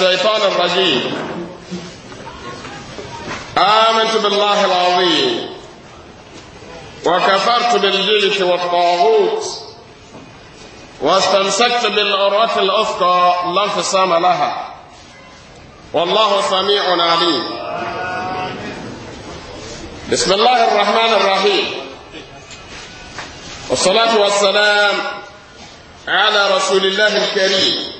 الشيطان الرجيم آمنت بالله العظيم وكفرت بالجلد والطاغوت واستمسكت بالعروة الأفقى لا انفصام لها والله سميع عليم بسم الله الرحمن الرحيم والصلاة والسلام على رسول الله الكريم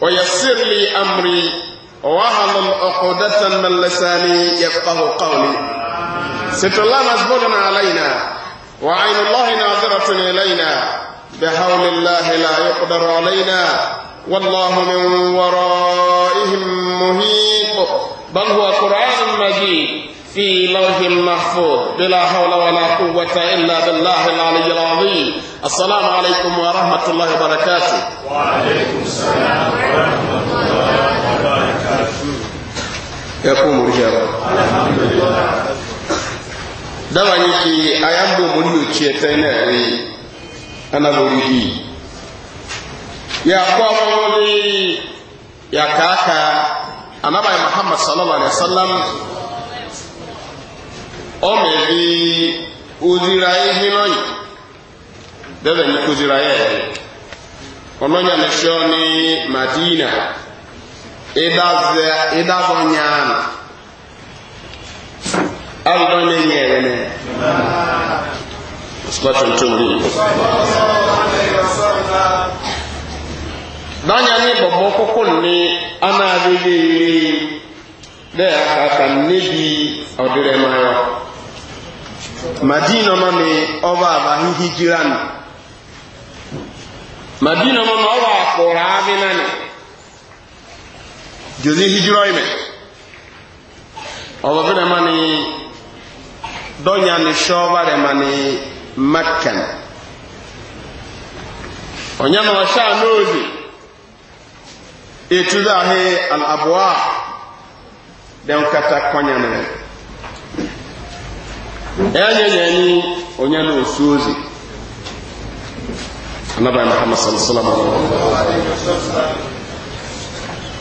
ويسر لي أمري وهل عقدة من لساني يفقه قولي ست الله مجبور علينا وعين الله ناظرة إلينا بحول الله لا يقدر علينا والله من ورائهم مهيب بل هو قرآن مجيد في لوح محفوظ بلا حول ولا قوة إلا بالله العلي العظيم السلام عليكم ورحمة الله وبركاته وعليكم السلام ورحمة الله وبركاته يقوم رجال الحمد لله dawa كي ayambo muri uchiye tena ri ana muri يا كاكا أنا mwoli ya kaka anabai muhammad sallallahu ọ mebi ozira ihe n'ọnyị bebe nkụzira ya ebe ọnọnya mechie ọnị madina ịdazọnya ahụ arụdọ na-enye ere danya ni bọbọ koko ni ana adịghị iri dị aka ka nnebi ọdịrị mara madina ma mi ɔba aba hihi jira ni madina ma ma ɔba akɔra abi na ni jozi hijira yi mɛ ɔba na ma ni dɔnya ni sɔɔba de ma ni makan ɔnya na ɔhyɛ anoozi etu dɛ ahe alaboa dɛn kata kɔnya ni. enye ya anyị onye na-osu ozi anaba muhammad sallallahu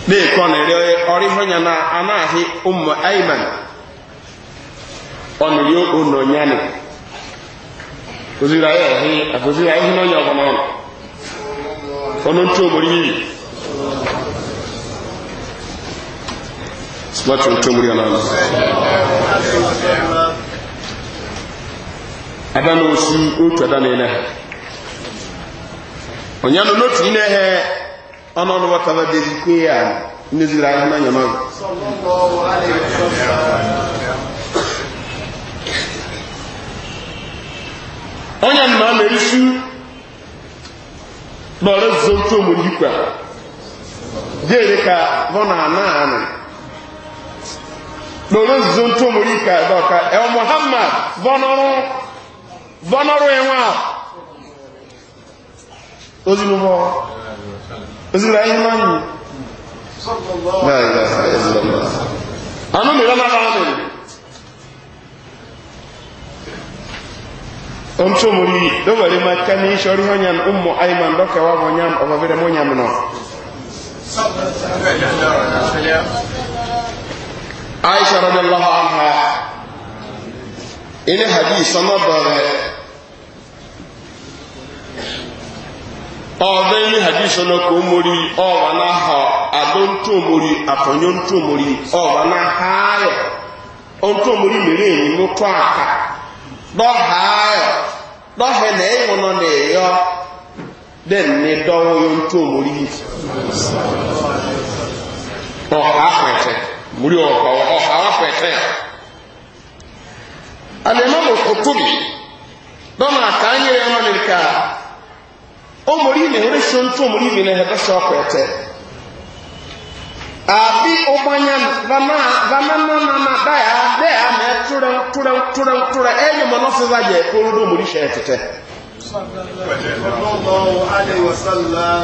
na-ekọ na ere ọrụ ihe onye na anaghị ụmụ aiman ọnụrị ụnọ nyani ozira ya ọhị akụzira ihe na ọgbọ n'ọnụ ọnụ ntụ ogbori iyi ntụ ogbori ɛda na osu otu ada na ɛna ha onyanu n'otu yi na ɛhɛ ɔnɔ ɔnɔ wɔta ba de zikwe ya n'ezi la na n'anya n'ọrụ onyanu ma ama isu na ɔrɛ zizɔ ntu omu yi kwa deere ka hɔ na ana ano na ɔrɛ zizɔ ntu omu yi kwa ɛdɔ ka ɛwɔ muhammad bɔ n'ọrụ bọ́nọ́rọ̀ ẹ̀wọ̀n òsìlúbọ̀ òsìlúbọ̀ ẹ̀yìn máa yìí anú mi rán lára mi o n tó mú rí lọ́wọ́lé máa ká ní iṣẹ́ oríwọ́n yàn ń mọ̀ àìmà lọ́kẹ̀wà wọ́n yàn ọba bẹ̀rẹ̀ mọ́ yàn aisha rọ́dẹ̀ ini hadis ọmọ bọrẹ ọbẹ ini hadis ọmọ kò mórí ọwà náà họ adó ntó mórí àfọnyó ntó mórí ọwà náà háyọ ntó mórí mèrè èyí mú tó àká dọháyọ dọhẹ náà ẹyìn wọn náà ẹyọ dẹ ní dọwọ alimami kutubi dɔnna ka an yɛrɛ ma nin ka ɔmɔri ne ore so ntu ɔmɔri mi na ɛbɛ sɔ kɔɛtɛ abi ɔgbanya vana vana nanana daya mɛ turɛ turɛ turɛ turɛ ɛyɛ e mɔ n'ofe va yɛ koro ɔmɔri sɛ tɛtɛ. sɔlɔlɔ alayhi wa sallam.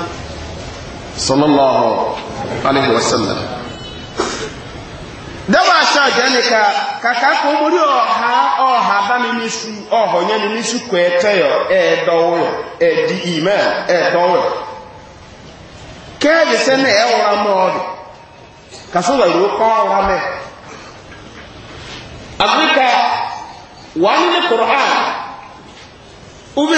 dẹ́wọ́ aṣọ àjẹ́nìka kàkà kò ọ̀há ọ̀há bá mi ní su ọ̀họ̀nyẹ́ mi ní sukọ̀ ẹ̀tẹ́yọ̀ ẹ̀ẹ́dọ́wọ̀ ẹ̀dí ìmẹ́ ẹ̀ẹ́dọ́wọ̀ kẹ́ẹ̀dì sẹ́nà ẹ̀wọ̀ra mọ́ ọ̀dọ̀ kàṣọ́wọ̀ ìlú kọ́ ọ̀ra mẹ́ afirika wà ní kùrọ̀hán ubi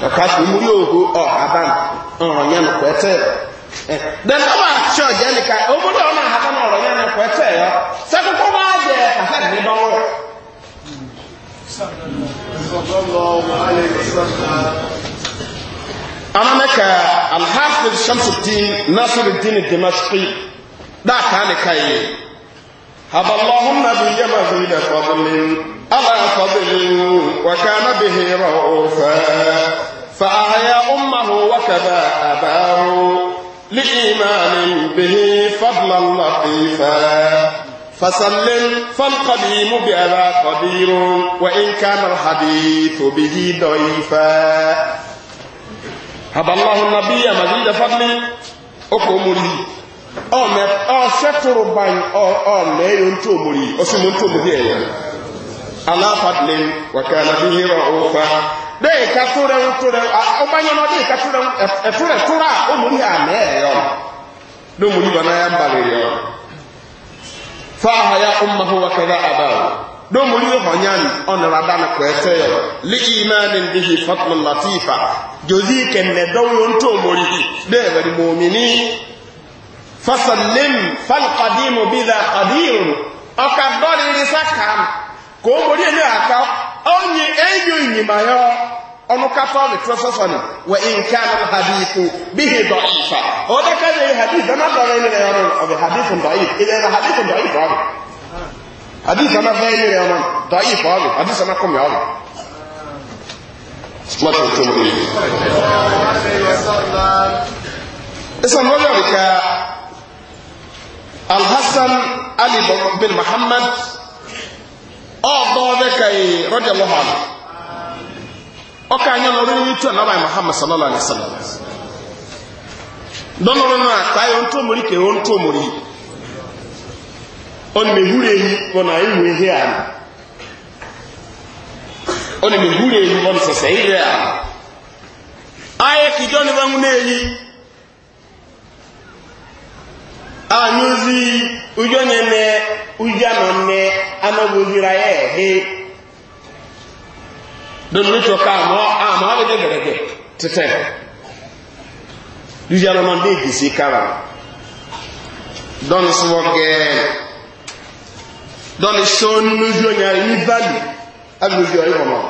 kakashi mmiri ogo ọ Adam ọrọ ya na kwete then ọba church ya ka obodo ọ na ọrọ ya na kwete ya sakụkọ ma aje kaka ni ba ọrụ ana meka alhafiz shamsuddin nasiruddin dimashqi daa ka ni kai هب الله النبي مزيد فأحيا أمه وكذا أباه لإيمان به فضلا لطيفا فسلم فالقديم بأبا قدير وإن كان الحديث به ضعيفا هب الله النبي مزيد فضل أقومري أمر أشتر بان أمر ينتمري أسمنتمري على فضل وكان به رؤوفا bẹ́ẹ̀ ìka tó rẹun tó rẹun ọmọ yẹn náà bẹ́ẹ̀ ìka tó rẹun ẹ̀fún rẹ̀ tóra ó mú ní àmì ẹ̀ yọ ló mú níbọn náà yá ń balẹ̀ yọ fáhàyà ọmọ fún wa kẹlẹ àbáwò ló mú ní hànyán ọ̀nàrà dáná kọ̀ ẹ̀tẹ́ yọ líkì ìmáàni bíhi fatman latifa jòzí kẹ̀mẹ̀ dọ́wọ́ tó mórí bẹ́ẹ̀ bẹ́ẹ̀ mọ̀mí ní fasalim falkadimu onye enyo inyima ya ọnụ kafa ne tụọ sọsọ ne wọ nke anọ na hadithu bihi dọ ifa ọ dịka na hadith dana dọrọ ne na ya ọrụ ọ bụ hadith dọ ifa ị na hadith dọ ifa ọrụ hadith dana dọrọ ne na ya ọrụ dọ ifa ọrụ hadith dana kọm ya ọrụ. Mọ̀tò tó mú mi. Ìsàn lọ́yọ̀ bin Muhammad ọgbọ́ọ̀bẹ́ kàyè rọ́dì ọlọ́hàn ọkà anyọ lọ rírì tó ẹ̀nà báyìí muhammad sallallahu alaihi wasallam dọ́nọ̀rọ̀ náà táyé ohun tó mórí kèrè ohun tó mórí ọ̀nà mehúrè yìí wọn àyè ihe àná ọ̀nà mehúrè bụ wọn ihe amabozira yɛ ɛhe donne tɔ ka amɔ amɔ bɛ dɛ gɛrɛgɛ tɛtɛ lujiyalɔma bɛ gese kala dɔnni sɔgɔ gɛɛ dɔnni sɔɔni nuzuo nyari ni bali a bɛ nuzuo yi kɔnɔ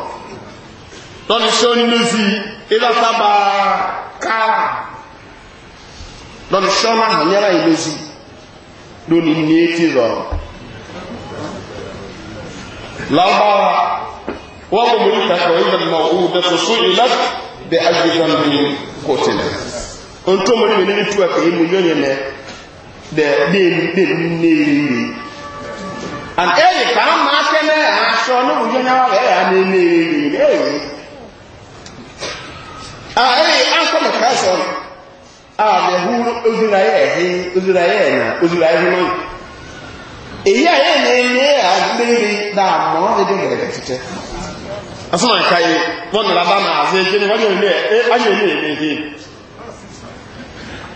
dɔnni sɔɔni nuzi ilasaba kala dɔnni sɔɔna hanyara yi nuzi lóni ní etí lágbára wọ́n mú mi kàkọ́ ìdá mọ̀ òun dẹ̀sọ̀ sún ilá bẹ agbègbè mi kò tilẹ̀ ohun tó mọ̀ nínú and eyi kà á máa kẹ́ ní aṣọ níwò yóò yẹn wà ẹ̀yà ní nílé ẹ̀yẹ ẹ̀yẹ akọ́ eyi kà á sọ̀rọ̀ àbẹ̀hú ozúra yẹ̀ ẹ̀hín ozúra yẹ̀ ẹ̀nà ozúra yẹ̀ èyí àyè ní ní àgbèrè dààmú ẹdí gbẹ̀rẹ̀ títẹ́ asọ́nà àkàyè wọ́n nìra bá máa ṣe jẹ́ ní wáyé ilé ayé ilé ilé ilé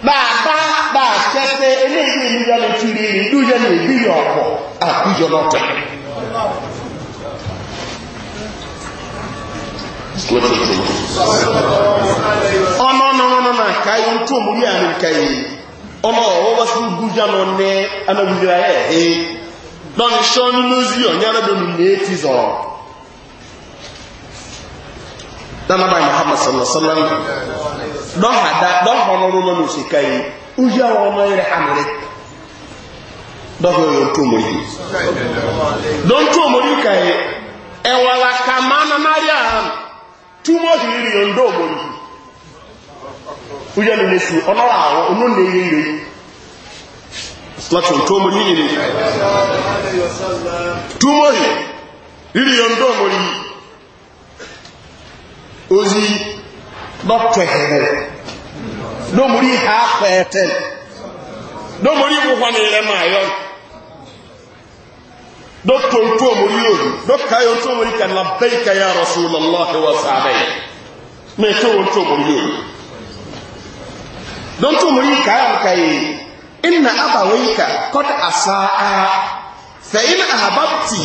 bàbá bá ṣẹ́ṣẹ́ eléyìí ní yọ ní kiri ìlú yẹ ní ọ̀pọ̀ àkújọ lọ́tẹ̀ ọmọ ọmọ ọmọ sí gújá lọ ní anábìlẹ̀ ẹ̀ dɔnku sɔɔni n'ozi ɔnyara bɛ mun n'eti zɔɔ dana baa muhammad sallallahu wa sallam ma n'ose ka ye uya wɔn ma yɛrɛ amere dɔn ko yɛrɛ tó mori dɔn tó mori ka ka maana láti ohun tó mú ní ilé túmọ̀ yìí rírí ọ̀dọ́ mọ̀ yìí ozi dọ́kẹ̀ hẹ̀rẹ̀ lómúrí ha pẹ̀ẹ̀tẹ̀ lómúrí gbogbo ní ilẹ̀ máa yọ dọ́kẹ̀ ohun tó mú ní òru dọ́kẹ̀ ohun tó mú ní kà labẹ́ kẹyà rọ̀sùlọ́lọ́hì wọ́n sáré mẹ́tọ́ ohun tó إن أبويك قد أساء فإن أحببت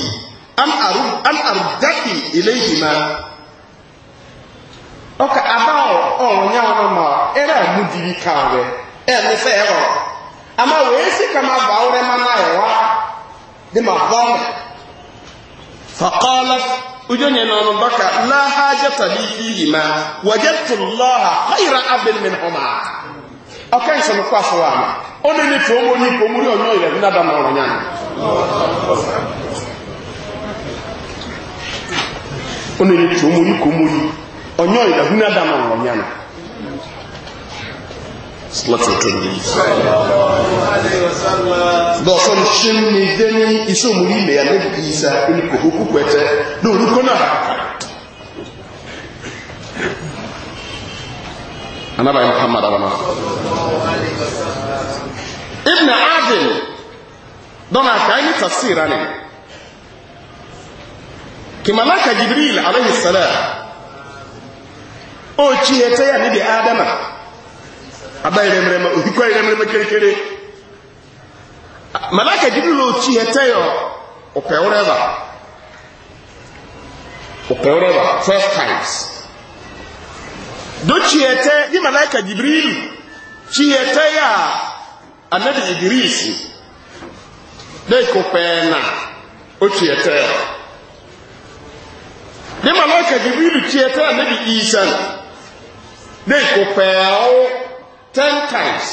أن أرد أن أردك إليهما ọkà abáwọ̀ ọ̀rọ̀nyá ọ̀nà ma ẹ̀rẹ́ àmúdìrí káàrẹ̀ ẹ̀ nífẹ́ ẹ̀rọ àmà wèé sí ká máa bá ọrẹ́ máa náà ẹ̀wá dí máa bọ́ọ̀mù fàkọ́ọ́lá ojú ni ẹ̀nà ọ̀nà bọ́kà láhájẹ́ tàbí fíhìmá wàjẹ́ tó lọ́ha fáyìrá abẹ́lẹ́mẹ́nà ọmọ ọkẹ́ ìṣẹ̀mù pàṣọ wà ní ó ní ní tó mú ní kò múrí ọ̀nà ilẹ̀ ní dáadáa mọ̀ ọ̀rọ̀ yàn ó ní ní tó múrí kò múrí ọ̀nà ilẹ̀ ní dáadáa mọ̀ ọ̀rọ̀ yàn dọ̀sán ṣe ń ní dé ní iṣẹ́ òmùrí ilẹ̀ àlẹ́ ìgbìyànjú ìkòkò pẹ̀tẹ́ lórúkọ náà anabai muhammad abana ibn azim dɔn a kan yi tafsira ne kimalaka jibril alayhi salam o ciyɛ tɛ ya ne de adama a ba yɛrɛmɛrɛmɛ o hikɔ malaka jibril o ciyɛ tɛ yɔ o pɛwɛrɛ o pɛwɛrɛ first times do ciyete ni malaika jibril ciyete ya annabi idris dai ko pena o ciyete ni malaika jibril ciyete annabi isa dai ko peo ten times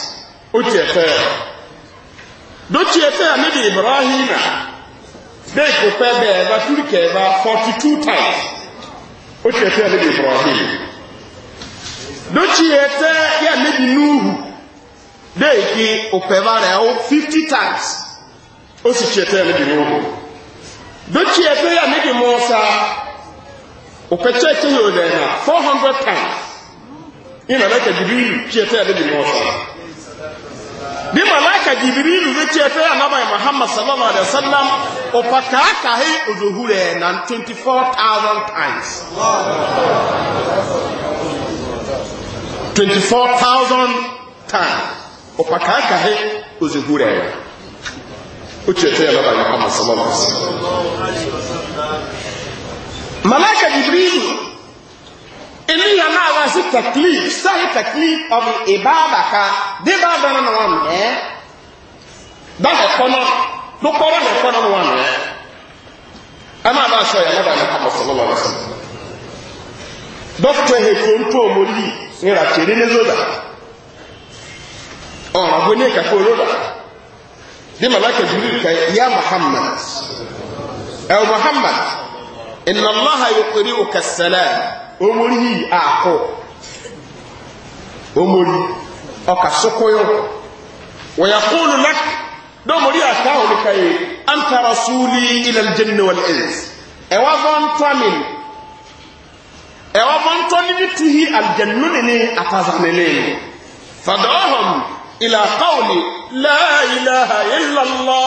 o ciyete do ciyete annabi ibrahima dai ko pebe ba turke ba 42 times o ciyete annabi ibrahima dochi ete ya mebi n'uhu deeki upevare o 50 times o si chi ya mebi n'uhu dochi ete ya mebi musa upeche ete ya odena 400 times ina laka jibrilu chi ete ya mebi musa ni malaka jibrilu ne chi ete ya n'abalị muhammad sallallahu alaihi na times 24,000 times ọ̀pàkàkàhẹ́ òzìgbò rẹ̀ rẹ̀ ó tiẹ̀ tẹ́ ẹ̀ lọ́ba malaka jibril ènìyàn náà wá sí tẹ̀klif sáyé tẹ̀klif ọ̀bùn ìbáàbàká débà dáná náà wà mẹ́ dáhẹ̀ kọ́nà lókọ́rọ́ náà kọ́nà wà mẹ́ ẹ máa bá aṣọ yẹn lọ́ba yìí tó o mọ̀ yìí nira kiri ni zoda ọ̀rọ̀ bó ní kakó zoda bí malaka jibril ka ya muhammad ẹ muhammad inna allaha yuqri uka salam omori yi akọ omori ọka sokoyo wọ́yà kúlù lak dọ́mọ̀rí àtàwọn olùkàyè anta rasuli ilẹ̀ jẹ́nu wal ins ẹ̀wà bọ́n tọ́mìn ẹwà mọ́ntọ́ níbi tuhi aljannu nìní àtàzàmìlì fàdọ́hùn ìlàkọ́ọ̀lì láìláha ìlàlá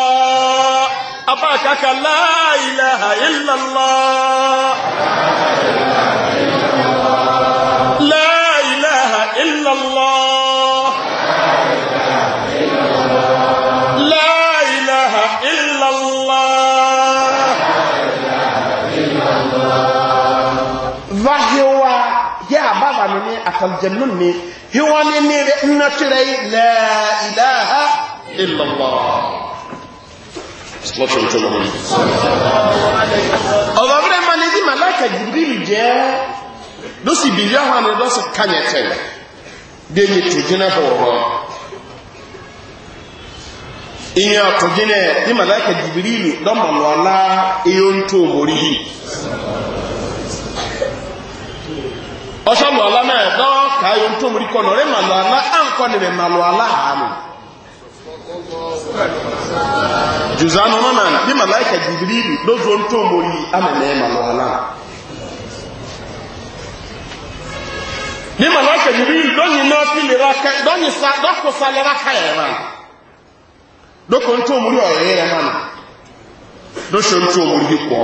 abákaka láìláha ìlàlá àfàlìjẹ̀nú mi yíwá ní ní rẹ̀ nnàtìrẹ̀ ilẹ̀ ìdáhà ìlọ̀lọ̀ ọ̀rọ̀ rẹ̀ ma ní bí màláìkà jìbìrì jẹ́ ló sì bí yá hàn ló sì kányẹ̀ tẹ̀lẹ̀ bí ẹni tó jìnà ìyẹn ọ̀tọ̀ jìnà bí màláìkà jìbìrì lọ́mọ̀lọ́lá èyí ń tó mórí yìí ọṣọ lọla náà dọ́ ka tó mú kọ́ lọ́rẹ́ màlú àlá àǹkọ́ níbẹ̀ màlú àlá àánú. jùzánù náà bí màláìkà jìbìrìlì lójú tó mú rí àmàlẹ́ màlú àlá. bí màláìkà jìbìrìlì lóyìn náà ká lóyìn sa sa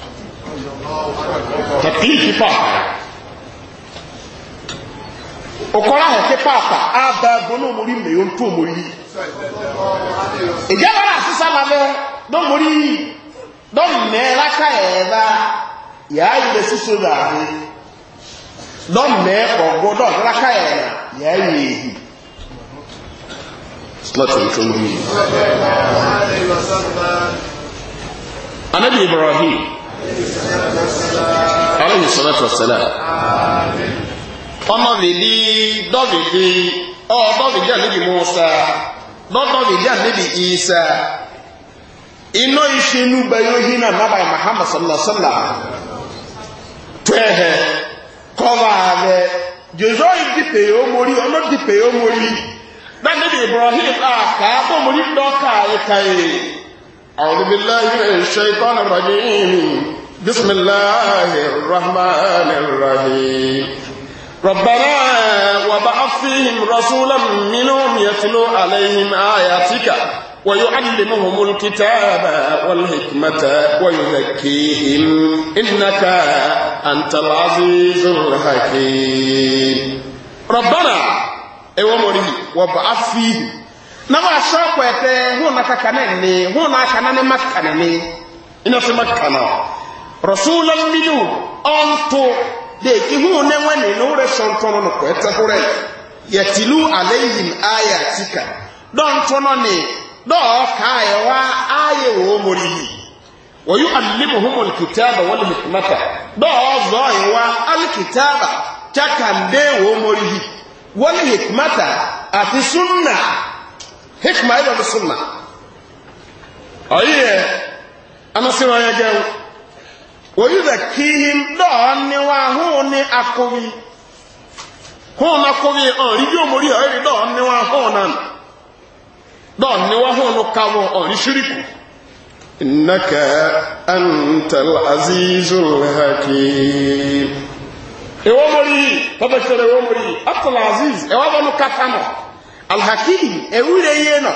tẹ̀tí sí pàápàá òkọ́lá hẹ̀ sí pàápàá ààbà omori mẹ́yọ́ tó omori yìí ìjẹ́bàrà sísá lábẹ́ dọ́mori yìí dọ́mẹ́ láká ẹ̀ẹ́bá yàá ilẹ̀ sísọ láàrin dọ́mẹ́ ọ̀gbọ́ dọ́mẹ́ عليه الصلاة والسلام ọmọ vili dọvili ọ dọvili anabi musa dọdọvili anabi isa iná náà nàbà tẹ́hẹ̀ rẹ̀ jésù yóò mórí yóò mórí níbi أعوذ بالله من الشيطان الرجيم بسم الله الرحمن الرحيم ربنا وبعث فيهم رسولا منهم يتلو عليهم آياتك ويعلمهم الكتاب والحكمة ويزكيهم إنك أنت العزيز الحكيم ربنا أيوة مريم وبعث فيهم na ba sa kwete hu na kaka ne ne hu na aka ne maka ne ne ina se maka na rasulan minu onto de ki hu ne wani no re sontono no kwete hore yatilu alayhim ayatika don tono ne do ka ye wa aye wo mori wa yu'allimuhum alkitaba wal hikmata do zo ye wa alkitaba takande wo mori wal hikmata ati sunnah hikma ila bisunna ayiye anasiwa ya gẹwu oyuzakihim dɔɔ ni wa hun ni akobi hun akobi ɔn ribi omori ɔyiri dɔɔ ni wa hun nan dɔɔ ni wa hun kawo ɔn shiriku. إنك أنت العزيز الحكيم إيوه مري تبشر إيوه مري أنت العزيز إيوه كفانه alhakim ewire ihe nọ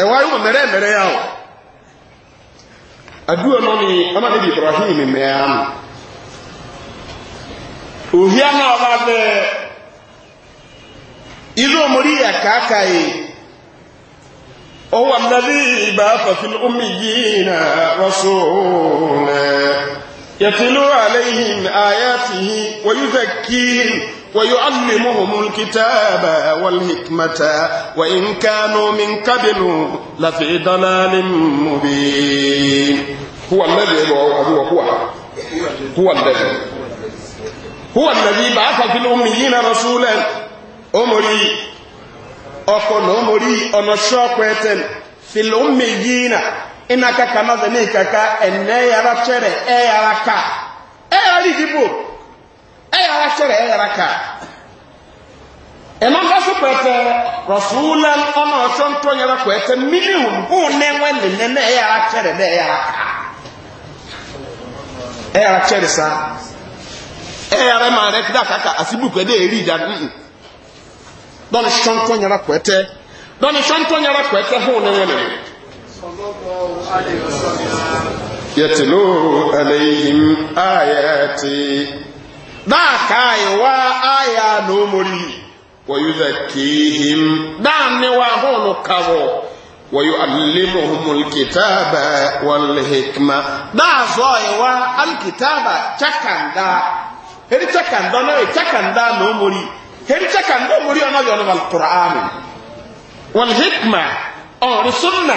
ẹwà yóò mẹrẹ mẹrẹ ya wọ adúlọ nọ ni ibrahim mẹrẹ nù òhìá náà wà bẹ ilé omori yà kàkà yìí ọwọ nàbí ibà omi yìí nà rọṣọ ويعلمهم الكتاب والحكمة وإن كانوا من قبل لفي ضلال مبين هو الذي هو هو هو الذي هو الذي بعث في الأميين رسولا أمري أكون أمري أنشاق ويتن في الأميين إنك كما ذنيك كا إني يرى ترى إي يرى كا إي يرى ɛyàrá kyerɛ ɛyàrá ka ɛnam bá so pɛtɛ rɔsuula ɔmà ɔsɔ ntɔ ɛtɛ mílíọ̀nù hùn nẹ́wẹ́ nìyẹn náà ɛyàrá kyerɛ ɛyàrá ka ɛyàrá kyerɛ sa ɛyàrá màá rɛ ti dá kaka àti èrí ìdá nìyí dɔnni sɔ ntɔ yàrá ɛtɛ dɔnni sɔ ntɔ dáàkà ìwá àyà lómori wọ́yúzẹ̀ kéhìm dáàni wa hónú kàwọ̀ wọ́yú alìlémọ̀húnmùlkìtàbà wọ́lẹ̀hìkìmá dáàzọ́ ìwá alìkìtàbà chakanda heri chakanda náà chakanda lómori heri chakanda lómori ọ̀nà yọ̀nà alìkùránì wọ́lẹ̀hìkìmá ọ̀rùsùnà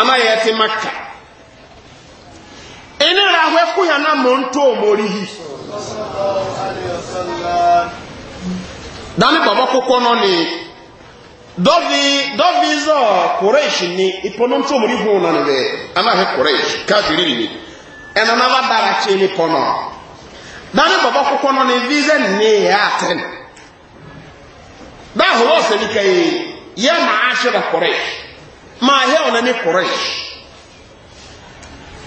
ama yɛ te maka ɛne ra ahɔ ɛko yɛ na mo nto omori hi dani bɔbɔ kokɔ no ne dɔvi dɔvi zɔ koreish ni ipɔnɔ nto omori ho na ne bɛ ama hɛ koreish kaafiri ni ɛna na ba dara kye ne pɔnɔ dani bɔbɔ kokɔ no ne vi zɛ ne yɛ atɛn daa hɔ wɔ sɛ nika yi yɛ ma ahyɛ da koreish. ما هي ونني قريش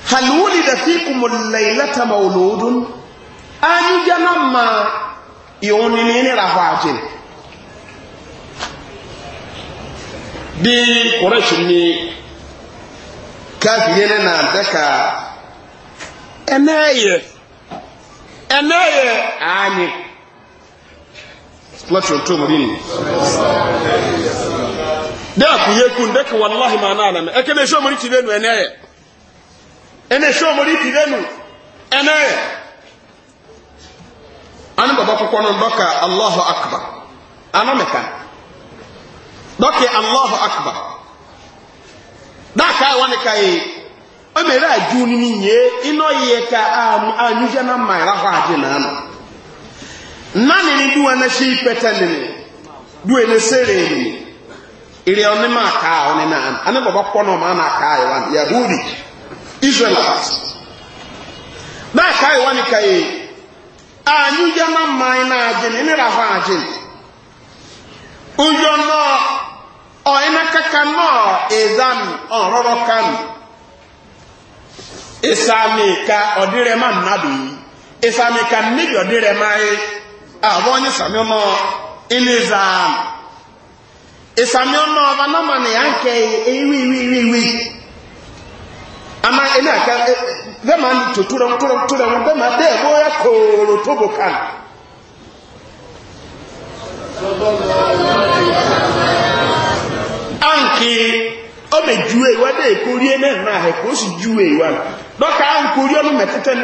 هل ولد فيكم الليلة مولود ma جنما يونين رفاجين bí kọrẹ́ṣì ni káàkiri ní na dẹ́ka ẹnẹ́yẹ ẹnẹ́yẹ ààyè lọ́tún tó mọ̀ nínú dẹ́kun yé kun dẹ́kun wàláhi náà nàmẹ́ ẹ̀kẹ́ ní ti lẹ́nu ẹ̀nẹ́ yẹ ẹ̀nẹ́ ti lẹ́nu ẹ̀nẹ́ yẹ. ani baba allahu allahu wani ka yi ɔmɛ yɛrɛ ni ni ka anyuhyɛ na na nani ni duwa na hyɛ pɛtɛ nini duwa na iri ọni maa kaa na naa ani baba kpọ na ọma na kaa yi wani yahudi israelite naa kaa yi wani ka yi anyi gya na mman na agyin ɛni ra hɔ agyin uyo nọ ɔyina kaka nọ ɛzam ɔrɔrɔ kam ɛsami ka ma nnadu yi ɛsami ka ma yi a sami ìsàmì ọmọ ọba nọ́mà ni à ń kẹ ìwí ìwí ìwí ìwí àmà ẹni àká bẹ́ẹ̀ máa ní tòtúrọ̀ tòrọ̀ tòrọ̀ wọn bẹ́ẹ̀ máa dẹ́ẹ̀ bóyá kòòrò tó bò kàn. àǹkì ọmọ ju èèwà dé èkórí ẹ náà náà ẹ̀kọ́ ó sì ju èèwà dọ́kà àǹkórí ọmọ mẹ́tẹ́tẹ́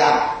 ní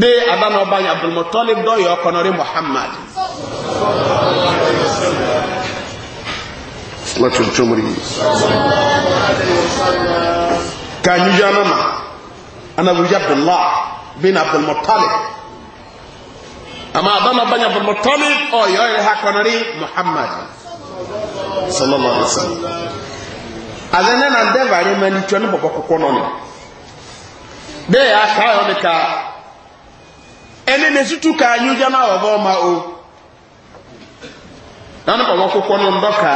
de adana ọba yẹn abdulmutalib dọyọ ọkọnọrí muhammad. kanyi jana ma ana wuyi abdullah bin abdulmutalib ama adana ọba yẹn abdulmutalib ọyọ ẹ ha kọnọrí muhammad sallallahu alaihi wa sallam. adana na ndẹ́bàá rẹ̀ mẹ́ni tí wọ́n ní bọ̀bọ̀ kọ́kọ́ nọ ni. de ya kaa yọ ni ka. ẹni na ka anyị ụjọ na ọba ọma o naanị ọba akwụkwọ nọ mbọ ka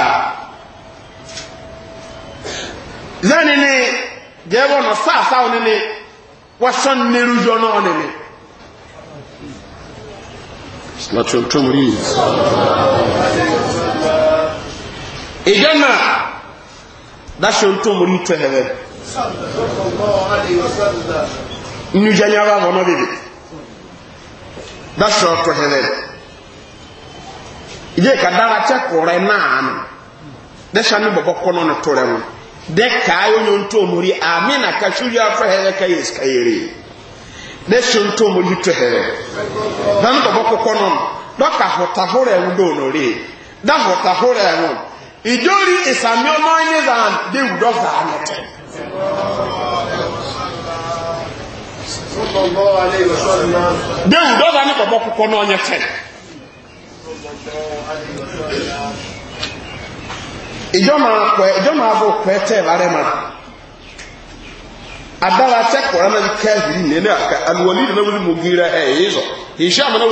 ni jẹ́wọ́ nọ sáàsá onini wọ́sán Na jọ náà na ìjọ náà dáṣọ ntòmùrí tó ẹ̀rẹ́ nìjẹ́ nyara wọn náà bèbè. dasɔrɔ tɔhɛrɛ yie ka dara kyɛ kɔrɛ naanu dɛsɛ ne bɔbɔ kɔnɔ ne tɔrɛ mu dɛ kaa yɛ nyɛ ntomori amina ka suya tɔhɛrɛ ka yɛ sika yɛre dɛ sɛ ntomori tɔhɛrɛ dan bɔbɔ kɔkɔnɔ dɔka hɔtahorɛ mu dɔnore da hɔtahorɛ mu ìjórí ìsàmì ọmọ ẹni zan déwù dọ́gba ànẹtẹ. dewu dọba ne kɔbɔ kɔkɔ na ɔnyɛ tɛ ìjọba akpɛ ìjọba abɔ kpɛ tɛ ɛbɛrɛ ma adara na bi kɛ ɛhiri nene aka aluwali na wuli mugira wuli mugira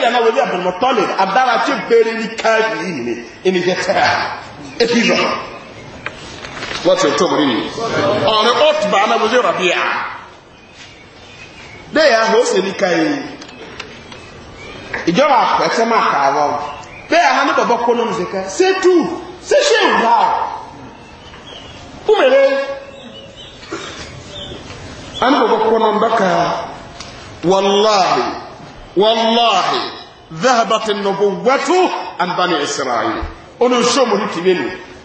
na wuli ni wọ́n ti tó mú nínú ọ̀rẹ́ ọ̀tùbà náà was your rọ̀ bí i à bẹ́ẹ̀ ahọ́ sì ní ká yìí ìjọba àpẹtẹ máa kà á wọ́n bẹ́ẹ̀ ahọ́ ní bọ̀bọ̀ kó lónìí sẹ́kẹ́ sẹ́tù sẹ́ṣẹ́ ìwà kúmẹ̀rẹ́ ahọ́ ní bọ̀bọ̀ kó lónìí bẹ́ẹ̀ wàláhì wàláhì ذهبت النبوة عن بني إسرائيل أنا شو مهتمين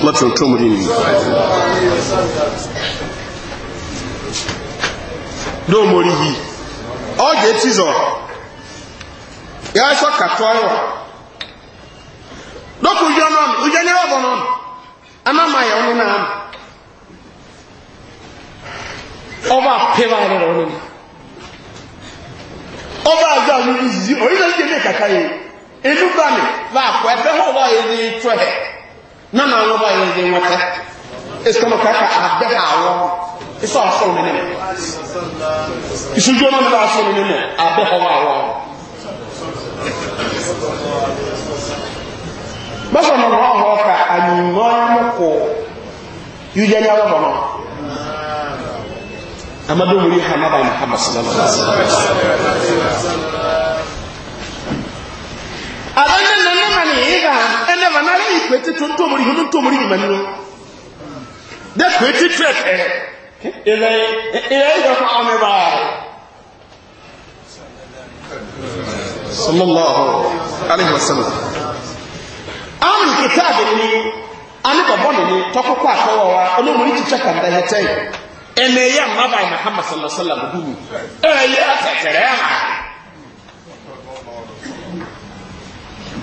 láti ọ̀tọ́ mọ̀rí ni dóòmọ̀rí yìí ọjọ́ tízọ̀ yà ẹ̀ṣọ́ kàtọ́ ayọ̀ dọ́kù ìjọ náà ìjọ ní ọ̀bọ̀ náà amámayà ọ̀nà náà ọba àpẹwà rẹ̀ ọ̀nà ni ọba àjọ àwọn ìyí orílẹ̀-èdè kàkà yìí inú bá mi bá àpọ̀ ẹ̀fẹ́ hàn wá èyí tó ẹ̀ na na wọn bá yẹn yẹn wọn kẹ esikama kaka abẹ ha wọn esọ asọrọ nínú ìṣojú ọmọ nípa asọrọ nínú abẹ ha wọn wọn. bẹ́sẹ̀ ọmọ wọn wọ́n ka àyìnbó ọmọkọ yíyá ní àwọn ọmọ amadu wuli hamada muhammad sallallahu alaihi wa sallam. àbẹ̀yẹ nínú hàn yìí kan ma na lẹ́yìn ìpè títún tó mori ìhun tó mori ìmọ̀ nínú dẹ́kun etí tẹ̀ ẹ̀ ilẹ̀ ilẹ̀ ìgbà fún ọmọ ẹ̀bà sallallahu alaihi wasallam àwọn ìkẹta àbẹ̀ ni anìkọ̀bọ̀ ni tọkọ́kọ́ àtọwọ́ wa olóòmù ní títẹ̀ kàndà ẹ̀tẹ́ ẹ̀mẹ̀yẹ mabàá muhammad sallallahu alaihi wasallam dùn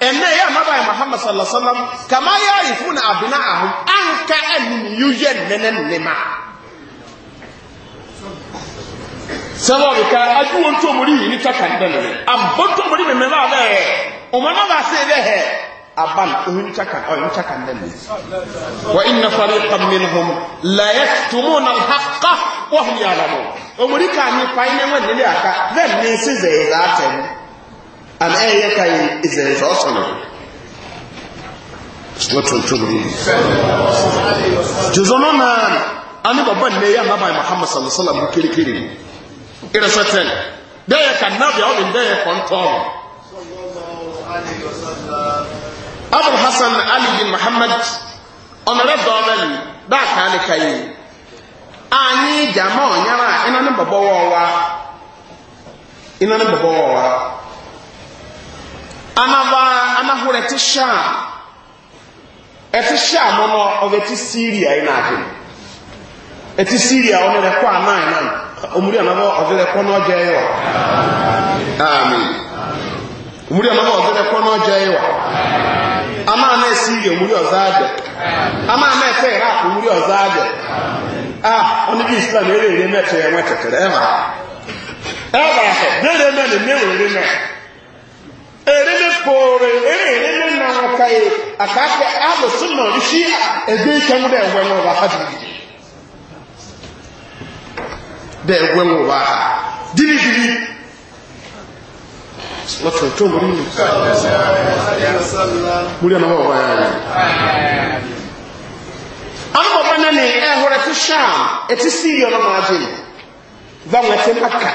ɛnna yɛ amaban muhammad sallallahu alaihi wa sallam kama na abena ahom anka ka adu wɔn tó omori yìí níta nìyẹn abɔ tó omori mi mɛma bɛ yɛ ɔmɔ náà bá se bɛ yɛ aban ohi ọ nìyẹn wa inna fariqan minhum la yaktumuna al-haqqa wa hum ya'lamun omori ka nyi pa nílé aka ana ɛyɛ ka yi ɛsɛnsɛ ɔsɔlɔ wɔtontomri jozo no na ane baba nnɛ yɛ anaban muhammad sallallahu alaihi wasallam kirikiri ɛrɛ sɛ tɛn dɛ yɛ ka nabi a ɔde dɛ yɛ kɔntɔn abul hasan ali bin muhammad ɔnɛrɛ dɔɔbɛ ni daa kaa ne ka yi anyi gyama ɔnyara ɛna ne baba wɔwa ɛna ne baba wɔwa anaba anahoro ɛte hyɛ a ɛte hyɛ mo no ɔbɛ te syria yi n'adwe ɛte syria ɔno anaba kɔ yi amen omuri anaba ɔdɛ dɛ kɔ n'ɔgya yi wa ama ana omuri ama ana ɛfɛ iraq omuri a ɔno ah, bi islam ɛyɛ ɛyɛ mɛtɛ ɛwɛ tɛtɛrɛ ɛma ɛba ɛfɛ erene poore ere erene na aka akake abo ebe ike da ewe no ha hadi da ewe no ba dili dili lọ́tọ̀ tó mú nínú múrí ọmọ ya na rẹ̀ ọmọ ọ̀bá náà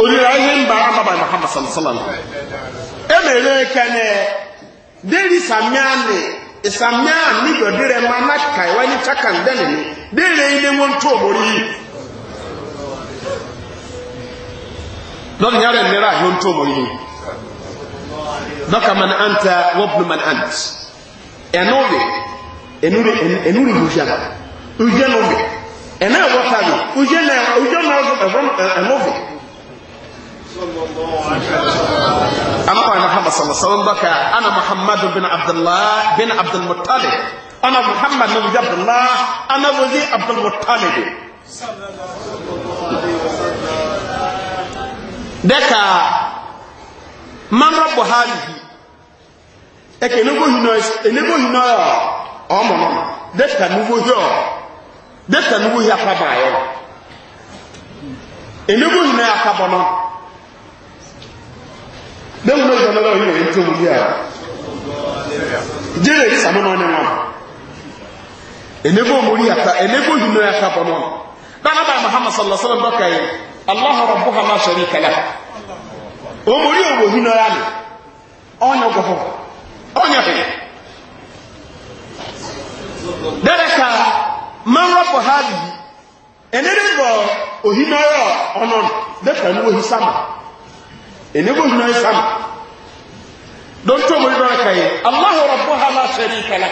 onírà ihe mba ababa muhammad sallallahu emere kene deri samiani samiani dodire mana kaiwa ni chakan denini dere ile won to mori don yare mera won to mori doka man anta wabnu man ant enuri enuri enuri mujana ujana ẹ̀nà ẹ̀wọ́ tàbí ojú ọmọ ẹ̀mọ́fẹ́ amma na hama salasalin baka ana Muhammad bin abdullah bin Abdul abdulmuttalib ana muhammad na wuzi abdullah ana wuzi abdulmuttalib daga mamra buhari eke enegbo hinọ ọmọ daga nugbo hinọ data no wuhi akaba ayɛ ɛne wuhi na akaba no dɛ wuno yɛ nɔlɔ yi na yɛ ntom bi a gyere yi sanu n'ɔne wɔn ɛne wuhi mori aka ɛne wuhi na akaba no dana ba muhammad sallallahu alaihi wa sallam bɔka yi allah rabu hama sari kala omori owohi na ya ni ɔnyɛ gɔfɔ ɔnyɛ mmanwapọ ha dị enere bụ ohimere ọnụ dịka nwohi sama enegbo ohimere sama dọkịta omori dọrọ ka ya allah rọpụ ha na sere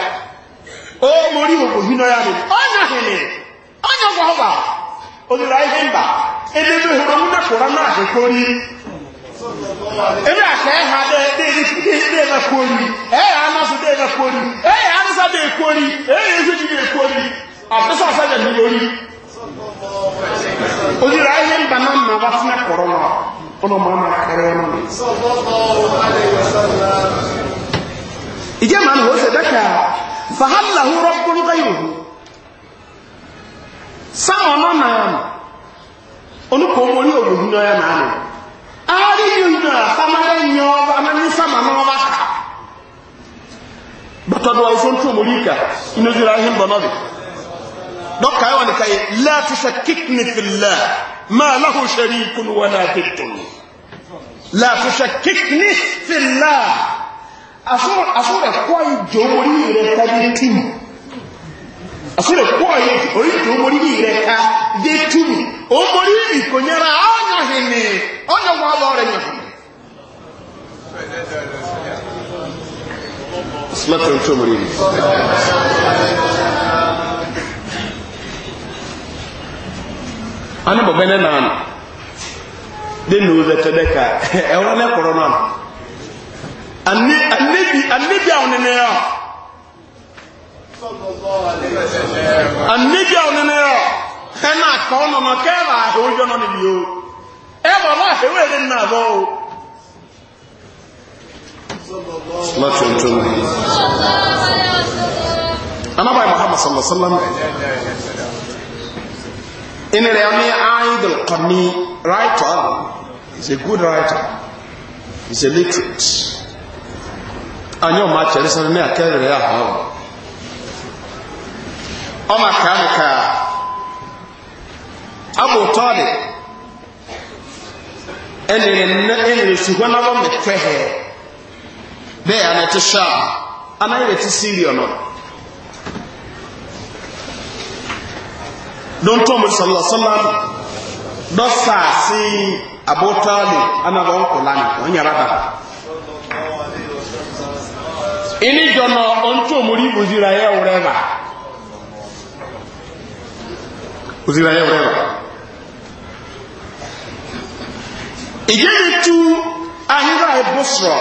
o mori bụ ohimere anyị ọnya hịrị ọnya O ihe mba enebe hụrụ nwunye na ahụkori ebe a ka ha na na na àtúnṣe àṣàjà ní orí ojúra ayé ń bana mà wá sínú ẹkọrọ wa ọmọ mọ ọmọ akẹrẹ ẹmọ mi. ìjẹ́ màá nù ó ṣe dẹ́kẹ̀ fàhálàhùn rọ́pọ̀lù káyọ̀ sáwọn náà nà onukọ̀ ọmọ ní ògùn ní ọyá nàá nù àárín yìí nà sàmáyé nyọ́ ọba amáyé sàmámá ọba kà bàtà dùn àìsàn tó mọ̀ ní ìkà ìnú ojúra dọ́kà ẹwà nìkan yẹ láti ṣe kíkìnì fìlà máa láhùn ṣẹ̀rí ikú ni wọ́n àti tòun láti ṣe kíkìnì fìlà asúrẹ̀kọ́ ìjọ orí rẹ̀ ká dé túmù asúrẹ̀kọ́ ìjọ orí rẹ̀ ká dé túmù ani bɔ bɛnɛ nan de nu zɛ tɛ dɛ ka ɛwura ne kɔrɔ nan ani ani bi ani bi awo nene yɔ ani bi awo nene yɔ ɛna kɔɔ nɔnɔ kɛ ba ahewo jɔ nɔ nibi o ɛ bɔ ba ahewo yɛ bɔ o. láti ọjọ́ orí muhammad sallallahu alaihi wasallam In the Rami Aidul Qarni writer, he's a good writer. He's a literate. And your match, listen to me, I tell you how. Omar Kanika, Abu Talib, ɛnere sihɔ n'abɔ mɛtwɛ hɛ bɛɛ anɛte sham anayɛ bɛte siriɔ no don to mu sallallahu sallam do sa si abu talib ana ba ko lani on yara da ini jono on to mu ri buzira ya ureba buzira ya ureba ijeni tu ahira e bosro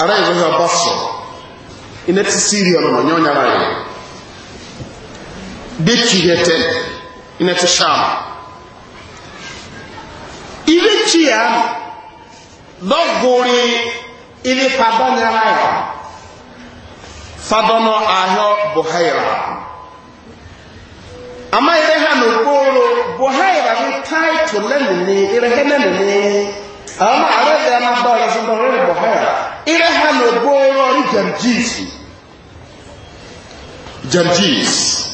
ara izo e ha bosro ina ti siri ono nyonya ra dekiheten inete sham ile chia dogori ile ya. fadono ahio buhaira ama ile ha n'okporo buhaira bi taito lenini irehe lenini ama arebe ama dọla sindọrọ buhaira ile ha n'okporo ri jamjis jamjis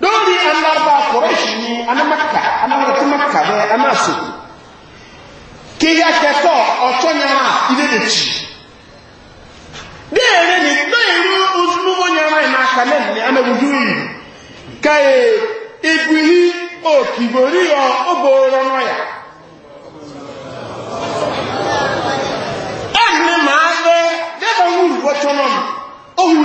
dóòlì alába kọ̀rẹ́ṣì ni anamaka anamaka maka bẹ anaso kéya kẹtọ ọtọnyara ilé dèjì déèrè ni déèrè ojúlówó nyara yìí n'aka náà ní anagudu yìí káyé ibùhí òkìgbòrí ọ ọgbòòrò n'ọyà. ẹnì owu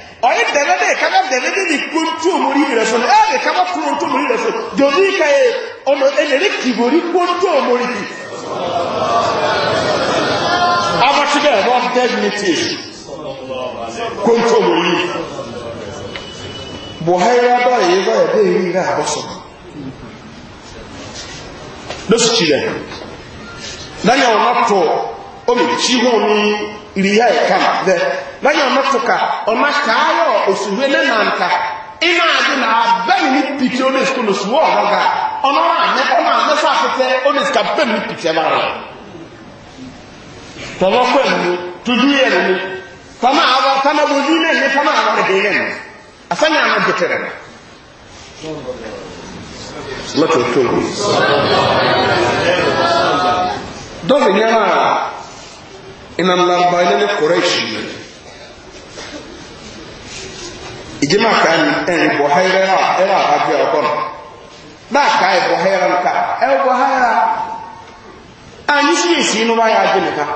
ọyẹ dẹrẹ dẹ kaba dẹrẹ dẹ ni kó ntú omori rẹ so ẹ ẹ kaba kó ntú omori rẹ so jòdì ka yẹ ọmọ ẹnẹrẹ kìbori kó ntú omori bi abati bẹẹ wọn dẹ ní tiẹ kó ntú omori buhari abayẹ báyẹ bẹẹ yìí rẹ abọsọ lọsí kyerẹ lẹyìn ọ̀nà tó omi tí wọn ní ìrìyà ẹ̀ka bẹẹ lẹ́yìn ọmọ tuka ọmọ kaayọ òṣùwé nẹ́nàǹkà iná adé na abẹ́yìn ní pìtì ó lè sùkúl òṣùwọ́ ọ̀gá ọmọ àmẹ́ ọmọ àmẹ́ sáfẹ́fẹ́ ó lè sùkà bẹ́ẹ̀ ní pìtì ẹ̀ bára tọwọ́ pẹ̀ mú tuju yẹ mú fama àwọn fama wojú náà ní fama àwọn ẹ̀dẹ̀ yẹ mú afẹ́ni àwọn gẹ̀tẹ̀rẹ̀ mú. lọ́tọ̀ tó o dọ́ọ̀fì ní ẹ̀ máa ìnànlá báyìí ní kọ́rẹ́ ìṣìlẹ̀ ìjìmá kan ẹni bọ̀ era náà ẹ̀rọ àbájọ ọkọ̀ nù bá a ká ẹ̀bọ̀ hẹ́rẹ́ nù ká ẹ̀bọ̀ hẹ́rẹ́ a ní sí èsì inú bá yà á jẹ́ nìkan.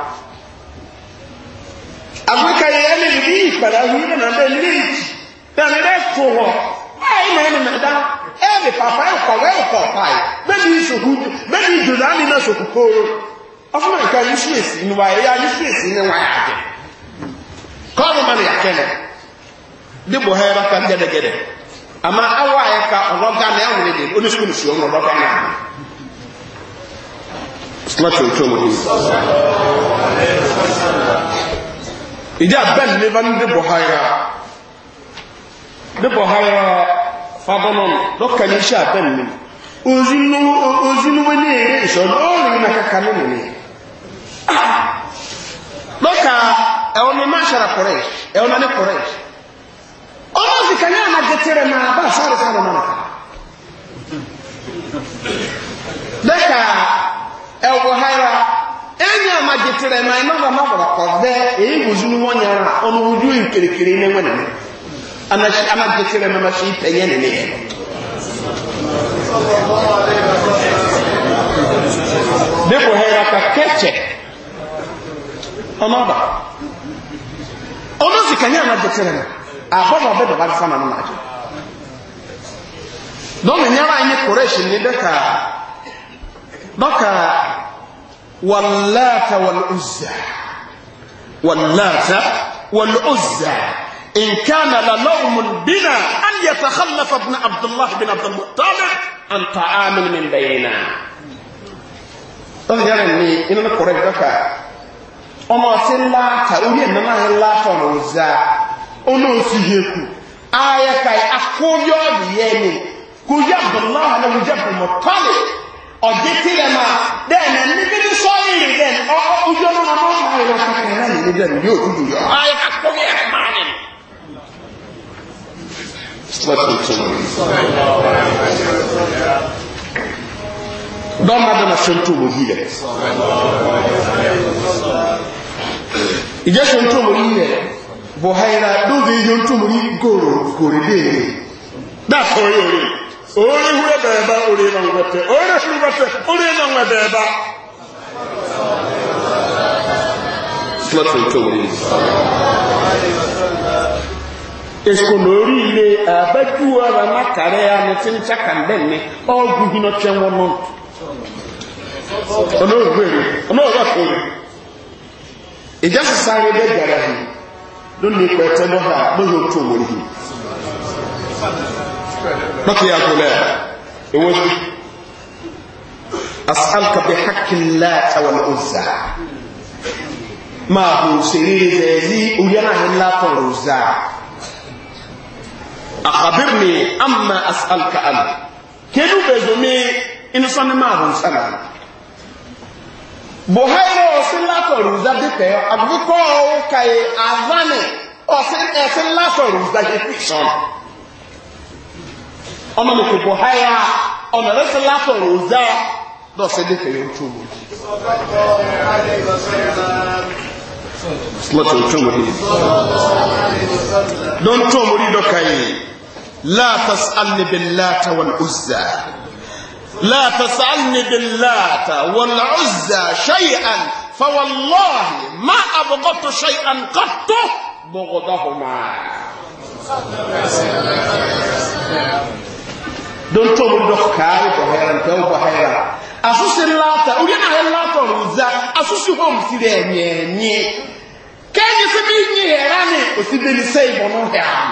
àgbékà yẹ ẹni ìdí ìpàdà yìí nà bẹ́ẹ̀ ní èyí bẹ́ẹ̀ bẹ́ẹ̀ tó wọ̀ báyìí náà ẹni mẹ́ta ẹ̀ẹ́dì pàpà ẹ̀kọ̀ ẹ̀kọ̀ pàì bẹ́ẹ̀ ni ìṣòkú bẹ́ẹ̀ ni ìjòdá ni náà ṣòkú kóró ọfúnà nǹkan ní sí èsì inú bá yà á ní sí èsì inú bá yà á jẹ kọ́ọ̀rù mọ́ni yà kẹ́lẹ̀ de bɔ hɛrɛ ka gɛdɛgɛdɛ ama awa yɛ ka ɔlɔ gana ɛwɔ ne de ɔne sukuu nsuo no ɔlɔ gana sima tso tso mo yi ìdí abẹ́n ní ní de bɔ hɛrɛ de bɔ hɛrɛ fabɔnɔn lɔkàn ní iṣẹ́ abẹ́n ní ozinu ozinu wo ne ere ìṣọ̀nù ọ̀rọ̀ yìí na kaka ní nìyẹn lọ́kà ẹ̀wọ̀n ní máa ṣàrà kọ̀rẹ́ ẹ̀wọ̀n ní kọ̀rẹ́ ọmọ sì kàn ní àmàjẹtẹrẹ máa bá sáré sáré máa dẹ́ka ẹ̀wọ̀ hara ẹ̀yìn àmàjẹtẹrẹ máa imáwà máa bọ̀rọ̀ kọ̀ bẹ́ èyí wùzú ni wọ́n yàrá ọ̀nà ojú ìkèrèkèrè ní wọ́n nìyẹn àmàjẹtẹrẹ máa ṣe ìpẹ̀yẹ nìyẹn. dẹ́kọ̀ hara kà kẹ́kẹ́ ọmọ bà ọmọ sì kàn ní àmàjẹtẹrẹ máa. ahọ́nà ọbẹ̀ bàbá ní sánà náà jẹ́ dọ́nà ní ara yìí kòrèṣì ní dẹ́ka dọ́ka wàláta wàlúùzà wàláta wàlúùzà إن كان للوم بنا أن يتخلف ابن عبد الله بن عبد المطلب عن طعام من بيننا tọ́sí yára ní inú ní kọ̀rẹ́ ìdọ́ka ọmọ sí ńlá ta orí ẹ̀mẹ́má ńlá fọ̀rọ̀ òzà ono osi yeku ayakai akobi ọdi yẹ ni kò yẹ abdullahi alamu jẹ bọmọtọni ọdẹ tilẹ ma dẹni ẹni bíbí sọọni rẹ dẹni ọkọ ojú ọmọ náà ọmọ ọmọ ọmọ kakẹ náà nìyẹn dẹni yóò dúdú yọ ayakai akobi ẹ máa ni. dọ́mọ adama fẹ́ tó wọ́n yìí rẹ̀ ìjẹ́sọ̀ tó wọ́n yìí rẹ̀ buhaira duzi iyo ntumuri goro gore dere dafo yore ore hure beba ore na ngwete ore shuru bate ore na ngwebeba slatu tumuri esko lori ile abadu ara makare ya ni tin chakan denne ogu hino chenwo no ono gwe ono ba ko e just sare de garahi lónìí pẹ̀tẹ́ lọ́ha lóyìn tó wòrì hì lọ́kì yà gúnlẹ̀ ewé asálka bí hakilá àwọn òzà máa bò sèré zẹ̀ẹ́lì orí àhìlá fọ̀rọ̀ òzà àkàbírni amma asálka àmì kéèlú bẹ̀zọ̀ mi inú sọ́ni máa bò sánà buhairo ọsí látọ̀rù zadipẹ̀ àbúkọ́ ọ̀hún kàyé azani ọsí ẹ̀sí látọ̀rù zadipẹ̀ sọ̀rọ̀ ọmọ mi kò buhairo ọmọ rẹ̀ sí látọ̀rù zá lọ́sẹ̀ dipẹ̀ yóò tó wù. Slọ́tọ̀ tó wù ní. Don tó wù dọ́kà yìí, látas alìbẹ̀ látàwọn ọ̀zà. لا تسألني باللات والعزى شيئا فوالله ما أبغضت شيئا قط بغضهما don to mo dok kaare ko heran taw ko heran asusi lata uri na hel lata ruza asusi hom sire nye nye kenye se bi nye herane o si be ni sei bono heran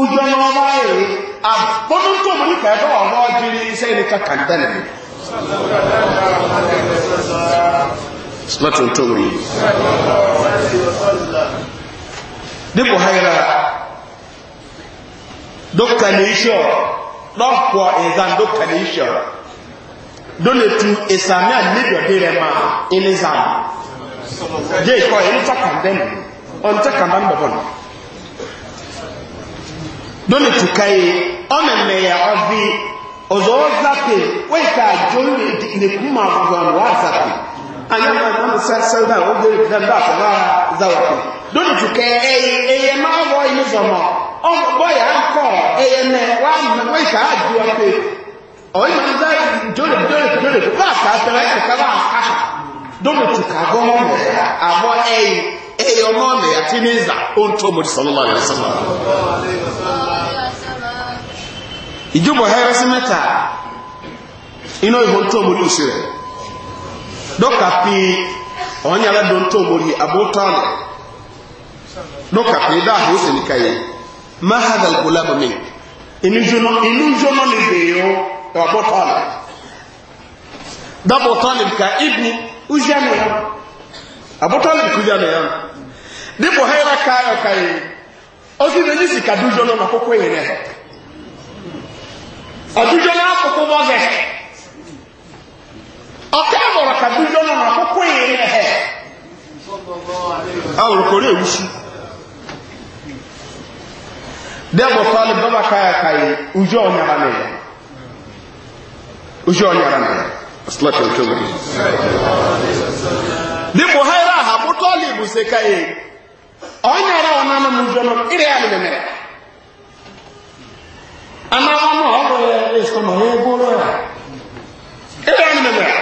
ojú ọmọ ọmọ ayẹ̀wé àbọ́nú tó mú nípa ẹ̀bọ́ ọmọ jírí iṣẹ́ ilé kankan tẹ́lẹ̀ mi látún tó rí dípò haira dókà ní iṣẹ́ lọ́pọ̀ ìzàn dókà ní iṣẹ́ dóletu ìsàmì àníbìọ̀dé rẹ̀ ma ilé zàn jẹ́ ìkọ̀ ìrítàkàndẹ́nì ọ̀ntẹ́kàndẹ́nì bọ̀bọ̀nì dole tukaye ọmemme ya ọdị ọzọ ọzape weta jọrọ nekuma ọzọ wa zape anyị na ọmụ sasada oge rikida ndị asara zawape dole tukaye eye eye ma ọbọ ihe zọmọ ọgbọ ya nkọ eye na weta ajụwape ọyị na jọrọ jọrọ jọrọ ba ka atara ya kaba aha dole tukago ọmụ ya abọ eye eyo mome eh, yatimiza onto muri sallallahu alaihi wasallam ijubo simeta ino ibo onto muri usire doka pi onya la donto muri abotale doka pi da hose nikaye ma hadha alqulam min inujono inujono ni beyo ka ibni abotɔli kuya ne yan de bɔ hɛrɛ kaa yɔ ka ye ɔsi ne ni sika du jɔlɔ na koko yi rɛ ɔdu jɔlɔ na koko bɔ bɛ ɔkɛ mɔrɔ ka du jɔlɔ na koko yi rɛ awuro kori ewusu de abotɔli baba kaa yɔ ka ye uju ɔnyara ne yɛ uju ɔnyara ne yɛ asilakɛ o wuli. dịbụ ha ere aha bụta ọla igbo se ka ya onye ara ọ na anụ ụjọ ire ya mere anaghị ọnụ ọrụ ya eso ya ebe ụlọ ya ire ya mere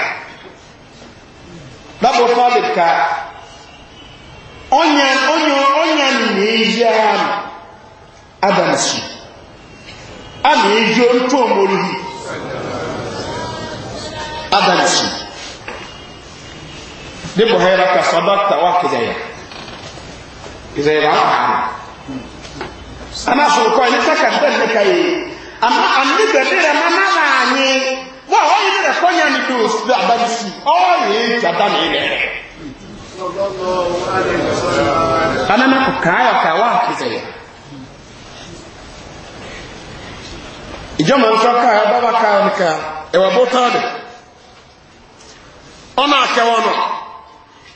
dabụ tọlib ka onye onye onye na-eji agha adamsi a na-eji otu omorihi adamsi de buhaira ka sadakta wa kizaya kizaya ba ana ana so ko ni taka da kai ama amni da dere mama na anyi wa wa yi dere ko nya ni do su da ba si o ye ta da ni ne ana na ku kaya ka wa kizaya ijama nso kaya baba kaya ni ka ewa botade ona akẹwọn náà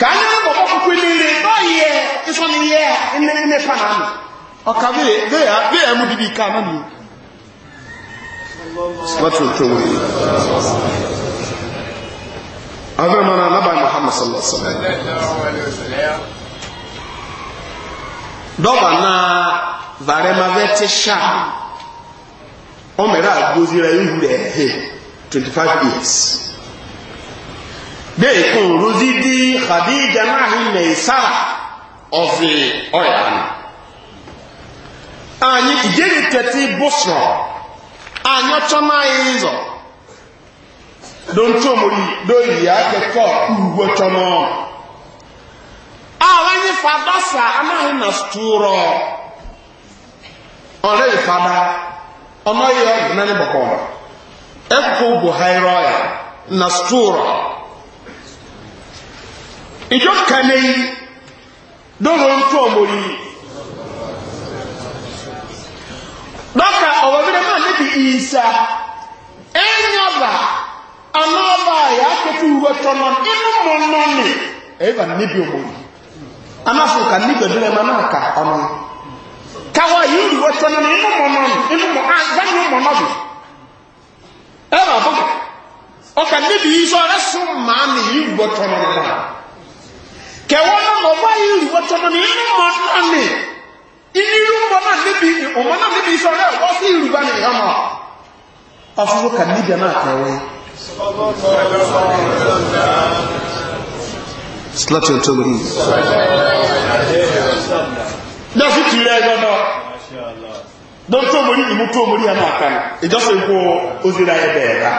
ka anyị ọgbọgbọ kwukwe mmiri n'ọyị nsọ na ihe mmiri mmepe na amị ọka bee ya mụbibi ike ama na abịa mana anabaghị muhammad sallallahu alaihi wasallam dọba na varemavete sha o mere agozira ihu ehe 25 years bẹ́ẹ̀ kò rozi di khadija náà hi mẹ́sàrà ọ̀fẹ́ Anyị ijeri tete anyị ọchọ n'anyị ịzọ dontu omori akụkọ ugwu ọchọ n'ọ. Àwọn anyị fadasa anaghị na stụrọ ọrịa ifada ọnọghị ọgụ naanị gbakọ. bụ na ìjọ kàní lọ́rọ̀ ń tó ọmọ yìí lọ́kà ọ̀wọ̀ bí lẹ́mọ̀ níbi ìsà ẹ̀yọ́bà anáwọ̀bà àyà akẹ́kọ̀ọ́ ìwé tọ́nà inú mọ̀ nọ́ọ̀nì níbi ọmọ yìí anáfọ̀ọ́kà níbi ẹ̀dúrẹ́ mọ́ náà kà ọmọ káwa yìí ìwé tọ́nà ẹ̀rọ àbọ̀kà níbi ìsọ̀ yìí ìwé tọ́nà kẹwọn náà mọ bá yìí rìwọ tọmọ ní inú mọ náà ní inú mọ náà níbi ọmọ náà níbi iṣẹ ọrẹ ọwọ sí ìrùbá ní ìhàmà ọfúnfú kà níbi náà kẹwẹ. slọtì ọtọ mi. dẹ́sí ti rẹ̀ ẹ̀gbọ́n náà dọ́n tó mọ̀ ní ìmú tó mọ̀ ní àmà kan ìjọsìn kó ozira ẹ̀ bẹ̀ẹ̀ rà.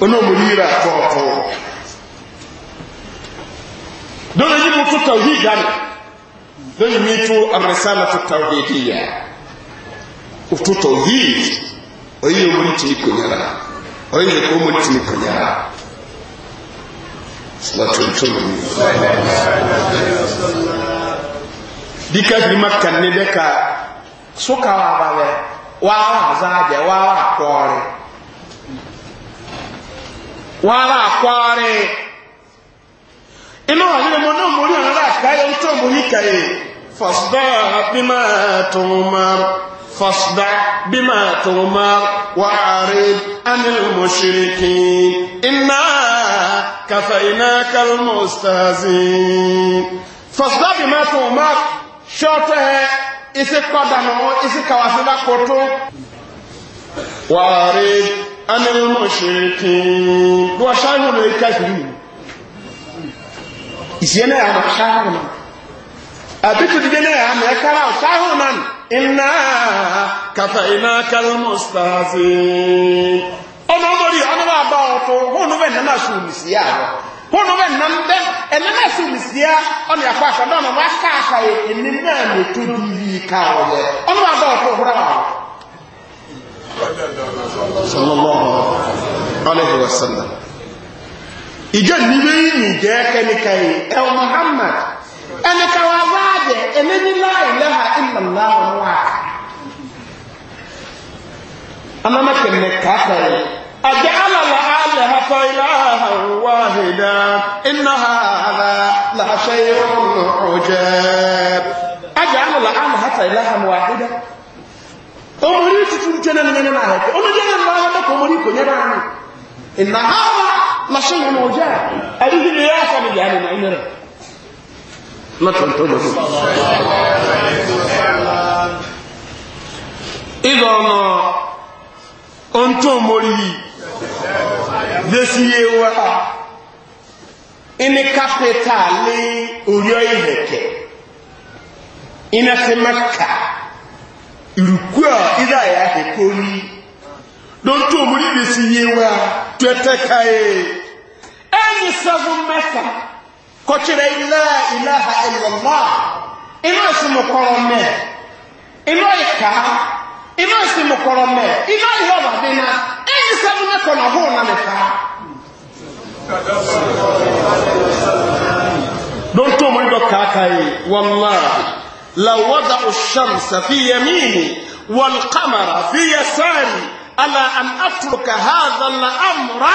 olóòmù yìí rà tọ̀ọ̀tọ̀ọ̀ dole yi mutu tauhidan dole yi tu arrisala tu tauhidiyya utu tauhid oyi yo mun ti ko nyara oyi ne ko mun ti ko nyara salatu tumu dika bi makkan ne deka suka wa bale wa wa zaje wa wa kwore wa wa kwore inú wà nílé mọ́ náà mórí ọ̀nà láàkáyọ ń tọ́ mú ní kàyè fọ́sbá bí máa tó máa fọ́sbá bí máa tó máa wà ààrẹ anìlmọ̀ ṣìrìkì iná kàfà iná kalmọ̀ stasi fọ́sbá bí máa tó máa ṣọ́tẹ́ isi kọ́dà náà isi kàwàsí lákòótó wà ààrẹ anìlmọ̀ ṣìrìkì bí wọ́n ṣáájú lórí kẹfìrí isiye na ya ma shahunan abitu dide na ya ma ya kara shahunan inna kafa ina kala mustafi ọmọ mori ọmọ bá bá ọtọ hónú bẹ nana sùn mìsíyà rẹ hónú bẹ nana bẹ ẹnana sùn mìsíyà ọmọ yà kọ àkàdọ ọmọ wa ká àkàyè ẹni náà lè tó di yìí ká ọyẹ ọmọ bá bá ọtọ hóra wa. sallallahu alayhi wa sallam ìjọ nílé ìlú jẹ́ kẹ́míkà yìí ẹ̀ muhammad ẹnìkan wà láàyè ẹ̀mí ní láì lẹ́hà ìlànà wà. anamọ́kẹ́ mẹ́ka kẹ́yìn àjẹ́ alàlà alẹ́ hafa ìlàhà wàhìdá iná àlà làṣẹ ìrọ̀lù ọ̀jẹ́ àjẹ́ alàlà alẹ́ hafa ìlàhà wàhìdá ọmọ orí tuntun jẹ́ náà nínú ẹ̀kọ́ ọmọdé náà lọ́wọ́ kọ́ ọmọ kò ní لشيء موجع أريد أن يأخذ يعني ما إنه ما تنتظر إذا ما أنتم مريد دسيه وحا ini kapita lé orí ìrẹ̀kẹ̀ iná sí mẹ́ka ìrùkú à ìdá ìyá kẹkọrí ló ń tó mú níbi sí yé wa tó ẹ̀tẹ́ka yìí إني سبب مكة كتر لا إله إلا الله إنا اسم كرمه إنا إكا إنا اسم كرمه إنا يوم بنا إني سبب مكة نهونا مكة don tó mọ́ ìdọ̀ kàákàáyé wàláàrí lọ́wọ́dà òṣàmsà fi yẹmíni wọ́n kàmàrà fi yẹ sáàrì ala an afirka hàzà la'amura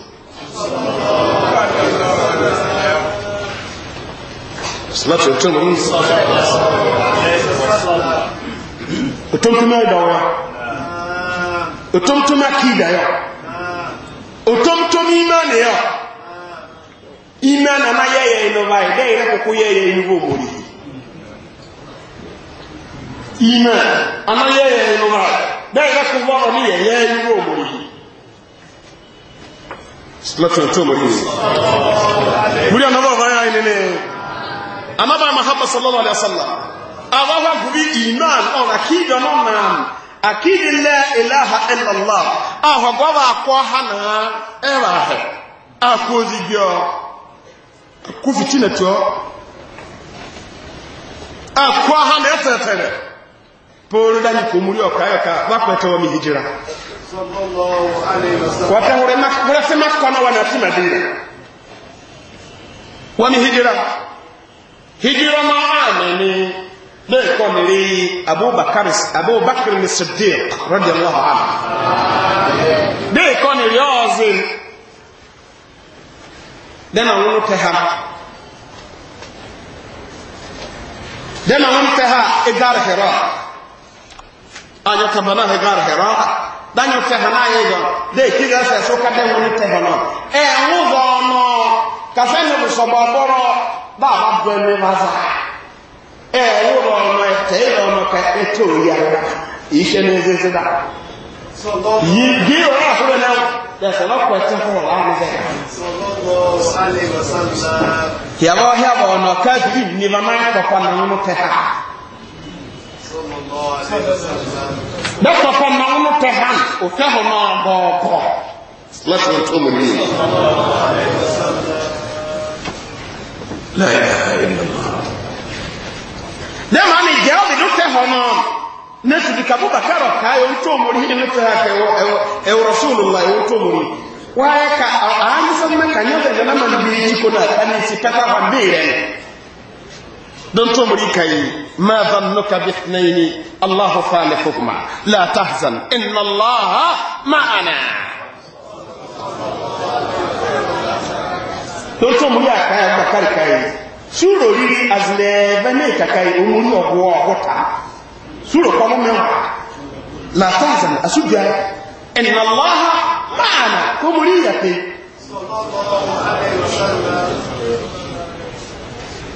Sọlọ́tì ọ̀tọ́ mọ̀ ní ọ̀tọ́mtọ́mọ́ ìdáwọ́ ọ̀tọ́mtọ́mọ́ kí ìdáyọ́ ọ̀tọ́mtọ́mọ́ ìmọ̀ nìyọ́ ìmọ̀ nàmá yẹ́yẹ ìnọba ìdẹ́ ìrẹ́kùkú yẹ́yẹ ìrúgbò mọ̀rí ìmọ̀ àmá yẹ́yẹ ìnọba ìdẹ́ ìrẹ́kùkú wọ́n ní yẹ́yẹ ìrúgbò mọ̀rí silatu tó mọ̀ yìí múrí ọ̀nà bọ̀ anyị ilé ní anábà mahamma sallallahu alaihi wasallam awawa gubi iman on akida no man la ilaha ha na era ha akozi gyo akufiti na to ha na tetere poru dani ko wata wura fi makwana wana fi madina wani hijira hijira ma'ana ne na ikọ niri abubakar ni siddiq radiyallahu anhu na ikọ niri ọzọ dana wọn tẹ ha dana wọn tẹ ha igar hira anyataba na igar hira danyo fehana yedo de kiga se so kade woni tehono e nguzo no kafeno busobo boro ba ba bwele maza e nguzo no e, te yo no ka eto ya ise ne zeze da yi gi o na so na se no ko te ho la ni ze sallallahu alaihi wasallam ya ba ya ba no ka bi ni mama ko pa na no te ha sallallahu alaihi dɔkɔtɔ nɔnɔ tɛ han o tɛ hɔn nɔ bɔɔbɔ lati o tó mu ni. ne maa mi jɛ o de do tɛ hɔn nɔ ne tutu kabu bakari ɔka ye o tó mu ni ne tɛ hakɛ ɛwɔ ɛwɔ ka a a nisɔn mɛ don to muri kai ma zannuka bi hnaini allah salihukuma la tahzan inna allah ma'ana don to muri akaya bakar kai suro riri azle bane takai umuri ogwo ogota suro komo me la tahzan asubya inna allah ma'ana ko muri yake sallallahu alaihi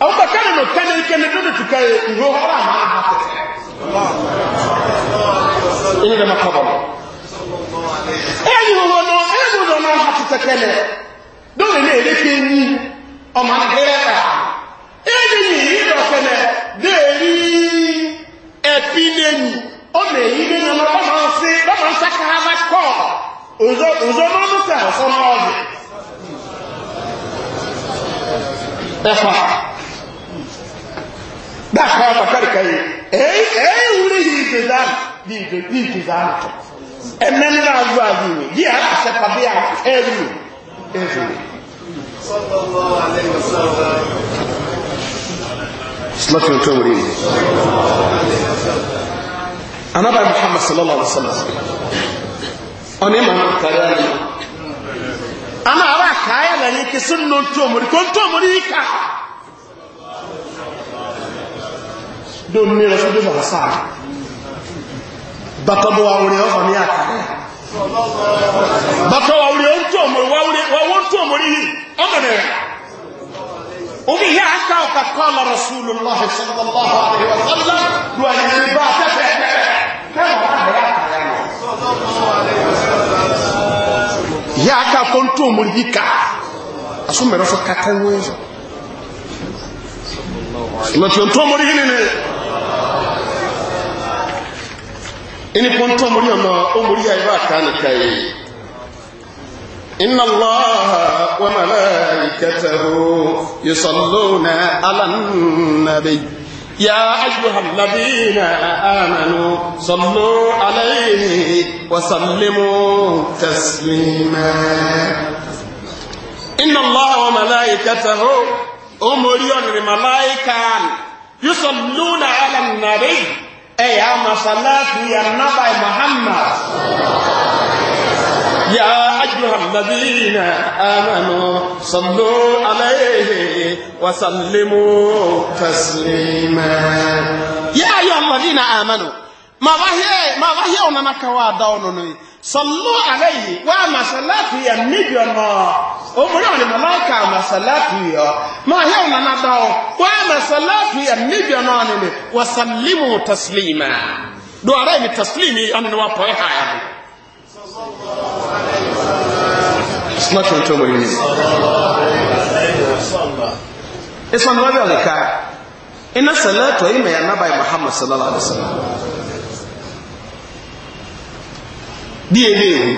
àwọn kọ̀ọ̀kan nínú kẹ́nẹ́kẹ́nẹ́ tó lè tukẹ́ ìwé ọ̀rọ̀ àmà àhàtẹ̀ ilé dama kọ́bọ̀ ẹ̀yìn wọn náà ẹ̀yìn wọn náà àti tẹ̀kẹ́lẹ̀ lórí ní èdè fi ní ọmọ àgbẹ̀rẹ̀ rà ẹ̀yìn ní ìrọ̀kẹ́lẹ̀ ọmọ ọmọ ọmọ náà dákọ̀ àbàkárìkà yìí èyí wúrí yìí ìgbèzá bí ìgbèzá nìkan ẹ̀mẹ́ nínú àgbà àgbà ìwé yìí àṣẹ pàdé àkẹ́rù ẹ̀rù slọ́tún tó wúrí yìí anábà muhammad sallallahu alaihi wasallam ọ̀nà ìmọ̀ kàrí àná àmà àbá kàáyà lẹ́yìn kí sínú tó mọ̀rí tó mọ̀rí yìí kàá dó ní rẹ̀ sójú sọ̀rọ̀ sáà bàtọ́bọ̀ wa wùrẹ̀ ọ̀fà ní àkàrẹ̀ bàtọ́ wa wùrẹ̀ wọ́n tó mọ̀rí yìí ọmọ rẹ̀ omi yà á ká ọ̀kà kọ́ lọ rasúlù lọ́hìn sọ́lọ́lọ́hìn àdéhùn ọ̀sọ́lọ́ lu àyẹ̀yẹ̀ bá tẹ́tẹ́ yà á ká kọ́ tó mọ̀rí yìí ká asúmẹ̀rẹ̀ fọ́ kàkọ́ wọ́n yẹn sọ lọ́tí ọ̀tọ́ mọ̀rí yìí nìyẹn إن ponto muri ama o muri ya إن الله وملائكته يصلون على النبي يا أيها الذين آمنوا صلوا عليه وسلموا تسليما إن الله وملائكته أمريون الملائكة يصلون على النبي يا مصلات يا نبي محمد يا أيها الذين آمنوا صلوا عليه وسلموا تسليما يا أيها الذين آمنوا ما وهي ما ظهر أننا كوا دونني sọlọ́ alẹ́ yìí wá màsálàtì yẹ níbi ọmọ òmùrẹ́ ọ̀nà màláìka màsálàtì yẹ ọ máa yẹ ọ̀nà nàdá ọ wá màsálàtì yẹ níbi ọmọ ọ̀nà ni wà sàlímù tẹ̀sílìmà do ara yẹ mi tẹ̀sílìmì ọ̀nà ni wà pọ̀ ẹ̀ha yà ni. sinatsi tó ń bọ̀ yìí ni. ìsọ̀nù wà bí iná sàlẹ̀ tó yìí nàbàyè muhammad sallallahu alayhi wa sallam. دي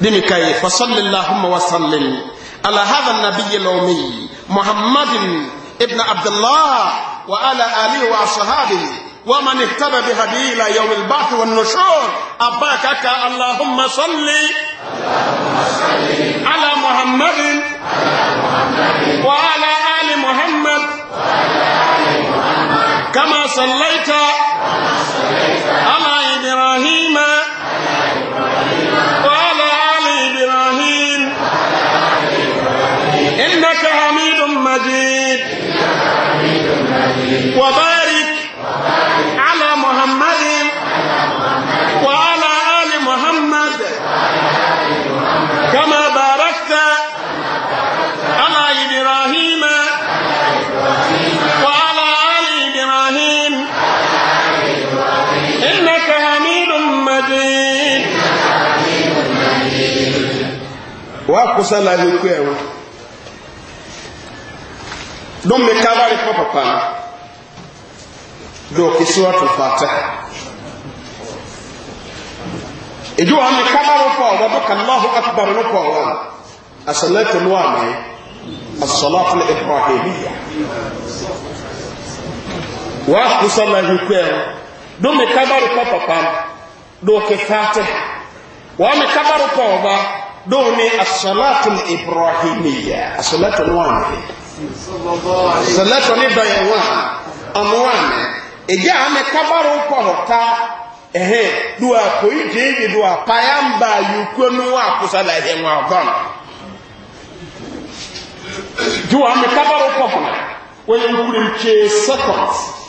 بمكاي فصل اللهم وسلم على هذا النبي الأمي محمد ابن عبد الله وعلى آله وأصحابه ومن اهتدى بهدي إلى يوم البعث والنشور اباك اللهم صل على محمد وعلى آل محمد كما صليت على مجيد وبارك على محمد وعلى آل محمد كما باركت على إبراهيم وعلى آل إبراهيم إنك حميد مجيد وأقصى الله يكوي dum me kavali kwa papa do kisura tufata ejo ha me kavali kwa baba kallahu akbar no kwa wa as-salatu al-wami as-salatu al-ibrahimiyya wa kusala hikwero dum me kavali kwa papa do kifata wa me kavali kwa baba do ni as-salatu al-ibrahimiyya as-salatu al-wami sọlẹ́tọ̀ ní ya nwa ọmọ wa mẹ́ èjì àmì kábàrò pọ̀ ọ̀tá ẹ̀hìn dùwà kò í jẹ́ ìdí dùwà ukwu ń bá yòókù ní wà kùsàlà ẹ̀hìn wọn ọ̀gbọ́n dùwà àmì kábàrò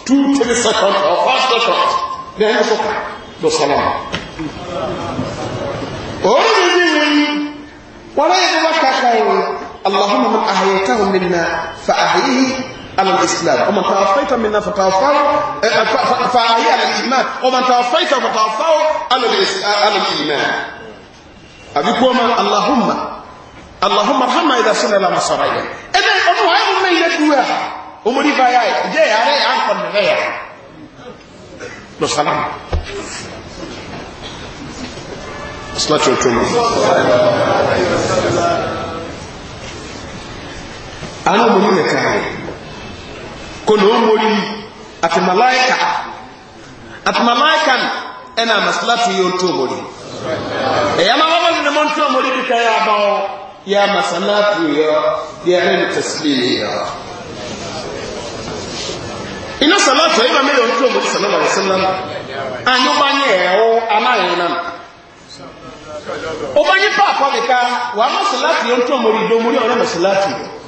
two three seconds or five seconds lẹ́yìn sọ́kà ha. sọ́lá òun اللهم من أحييته منا فأحييه على الإسلام ومن توفيت منا فتوفاه آه، فأحييه على الإيمان ومن توفيت فتوفاه على, آه، الإيمان الإيمان أبيكم اللهم اللهم ارحمنا إذا سنة لما صرعيا إذن أمو هاي من يدوها أمري بايا جاي علي عنكم من غير بسلام الصلاة والسلام ana omori mɛka ko na omori ati malaika ati malaika ɛna masalatu yi o to omori ɛyɛ ma wɔn ni mo n to omori bi ka yɛ aba wɔ yɛ masalatu yɛ yɛ ɛna ni tasiri yɛ ina salatu yi ba mi yɛ o to omori salama wa salama anyɔba nyɛ ɛwɔ ana yɛ nam o ba nyi paapɔ mi ka wa masalatu yɛ o to omori do omori ɔna masalatu yɛ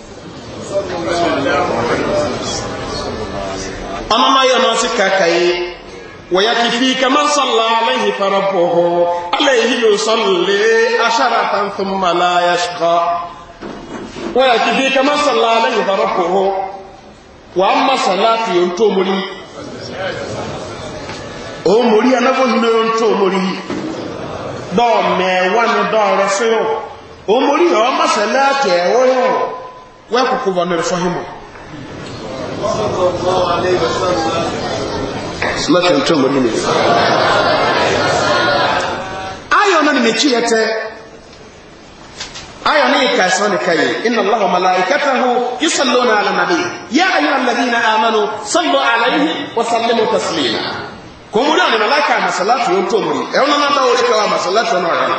amama yɛ no ase kakae ويكفيك من صلى عليه فربه عليه يصلي عشرة ثم لا يشقى ويكفيك من صلى عليه فربه وأما صلاة ينتمري أمري أنا بهم ينتمري دو ميوان دو رسيو أمري أما صلاة يويو wẹ́kùnkù bọ̀ ní ìfọ́hìmọ̀ smashin tó mọ̀ nínú ayọ̀ náà nínú ẹ̀kí ẹ̀tẹ́ ayọ̀ ní ìka ẹ̀sán ní kẹyẹ iná lọ́wọ́ mọ́lá ìkẹtàhù ìsọ̀lọ́ náà alàmàdé yá ayọ̀ alàdí na àmánu sọ́lọ́ àlàyé wasallimu taslima kò mú náà ní mọ́láka masalatu yóò tó mọ̀ ẹ̀rọ náà náà wọ́n kẹwàá masalatu náà rẹ̀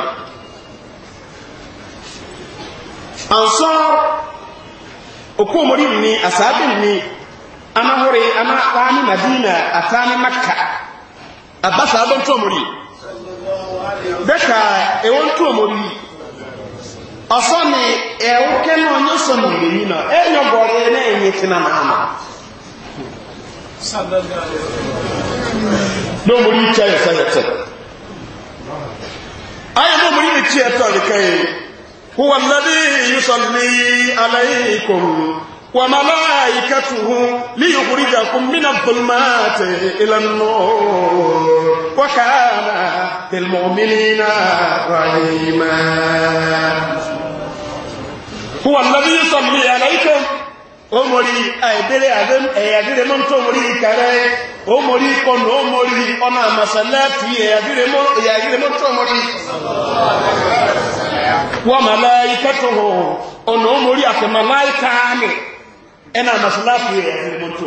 okomori ni asabe ni anahore ana kwani madina atani makka abasa abon tomori beka e won tomori asani e oke no nyo so no ni na e nyo bore na enye tina na ama no mori cha ya sa ya sa ayo no mori هو الذي يصلي عليكم وملائكته ليخرجكم من الظلمات إلى النور وكان بالمؤمنين رحيما هو الذي يصلي عليكم omori aibere adem eyadire mo nto omori ikare omori ikonu omori ona amasalatu eyadire mo eyadire mo nto omori wa malaikatuhu ono omori malaika ani ena masalatu ya ni moto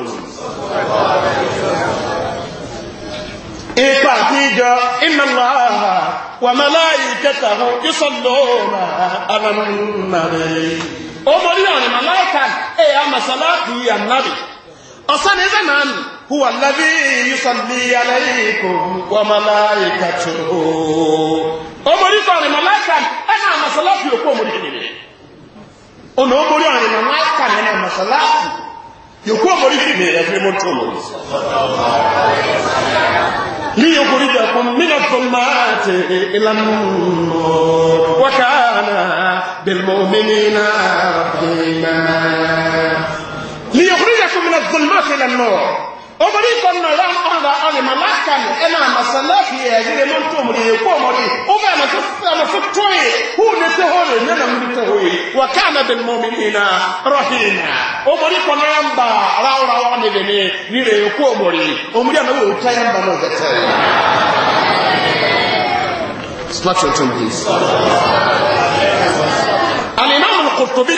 ipa tijo inna allah wa malaikatahu yusalluna ala nabi omori ani malaika e ya ya nabi أصلا إذا من هو الذي يصلي E omori sọrin malaika ẹna amasalasi yòókù omori kìnìún ọ̀nà omori ọ̀rin malaika ẹna amasalasi yòókù omori kìnìún ẹgbẹ́ mọ́ tó lórí. ní yòókùrí dẹkùn mílíọ̀nù tó máa tẹ ìlànà wákàtà bẹ̀rẹ̀ mọ́mìnì ọmọdé ìkọ̀nà ya ọ̀nà ọ̀nà láka ní ẹ̀nà àmàsà láfi ẹ̀yẹ́rẹ́ mọ́ tó mọ̀ èyí kó ọmọdé ó bá àmàsà tó yẹ hú ní tẹ́ hó rẹ̀ nínú mi tẹ́ hó yẹ wà ká àmà bẹ̀rẹ̀ mọ́ mi nìyẹn náà rọ́hìn náà ọmọdé ìkọ̀nà ya ń bà ráúráwá ní bẹ̀ ní nílẹ̀ èyí ọmọdé ọmọdé àmà yóò tẹ́ yẹn náà bẹ̀ tẹ́ Slap your tongue, please. Al-Imam al-Qurtubi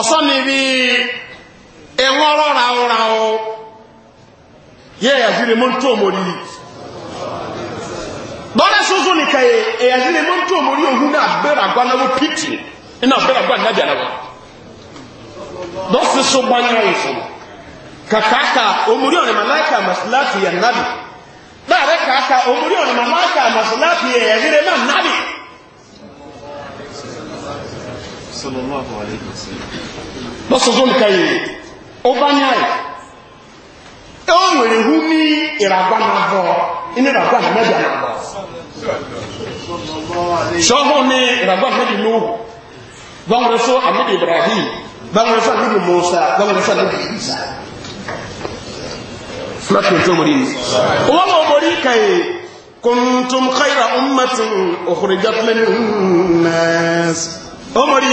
ọ̀sọ́ níbi ẹ̀wọ́n ọ̀rọ̀ ràúràú yẹ ẹ̀yàjírí mọ́ tó mórí bọ́lá sọ́sọ́ nìkan yẹ ẹ̀yàjírí mọ́ tó mórí ohun náà bẹ́rẹ̀ àgbánáwó pìtì iná bẹ́rẹ̀ àgbánájà náà lọ́sí sọ gbányà ìfún kàkàkà omórí ọ̀nà màláìkà màsíláàtì yà nábì láàrẹ́ kàkà omórí ọ̀nà màláìkà màsíláàtì yà ẹ̀yàjírí mọ́ nábì sallallahu alayhi wa sallam lọ́sọ̀sọ́ nìkan yìí ó bá ní àyè ó wèrè hú ní ìràgbà náà bọ̀ inú ìràgbà náà mẹ́jọ náà bọ̀ ṣọ́hún ní ìràgbà mẹ́jọ ló wù gbọ́nrẹ́ sọ àmìdì ibrahim gbọ́nrẹ́ sọ ni nas ó mọ̀rí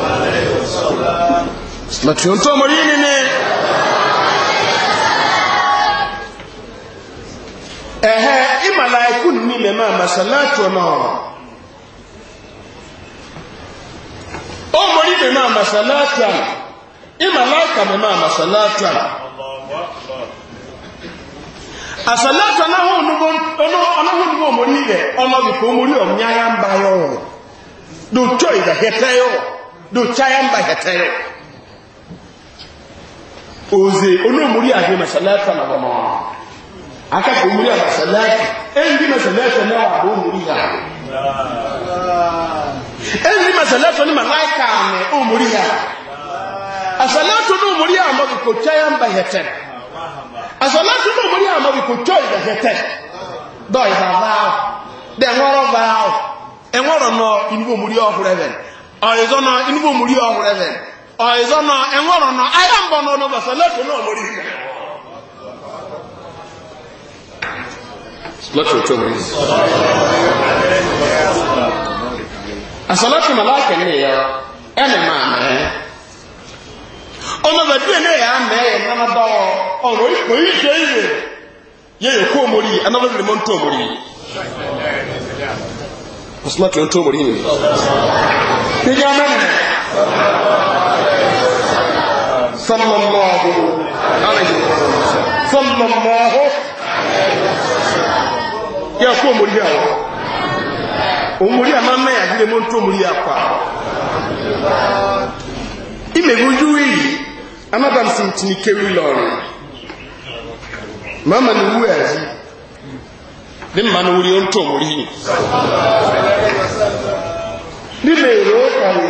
láti ohun tó mọ̀rí nínú ẹ̀hẹ́ ìmàláìkú ní mẹ́mà masalatu náà ó mọ̀rí mẹ́mà masalatu ìmàláìkà mẹ́mà masalatu àsàlátà náà ọlọ́run bó mọ̀rí rẹ̀ ọlọ́bìkó mọ̀rí ọ̀mí ayá ń bá yọ̀ dò tó ìdàkẹ́tẹ́ yọ̀ dò cháyá ń bá kẹtẹ́ yọ̀ oze onomuri ahe masalata na bama akaka omuri a masalata endi masalata na wa omuri ya endi masalata ni malaika ame omuri ya asalatu no omuri ya ambabi kocha ya mba hete asalatu no omuri ya ambabi kocha ya hete do ya vao de ngoro vao enworo no inugo omuri ohurebe oizo inu inugo omuri ohurebe ọ̀ìzọ́ nọ ẹ̀wọ̀rọ̀ nọ ayé ń nọ ọ̀nà bàtà lẹ́kọ̀ọ́ náà mọ̀rí ìgbà. lọ́tọ̀ tó mọ̀ yìí. àsọlọ́tì màláìkà ní ìyá ẹnì máa mẹ́ ẹ́. ọ̀nà bàtà صلى الله عليه وسلم صلى الله يا كو مريا ومريا ما ما يجي مونتو مريا كوا imegujui mama ni wu ni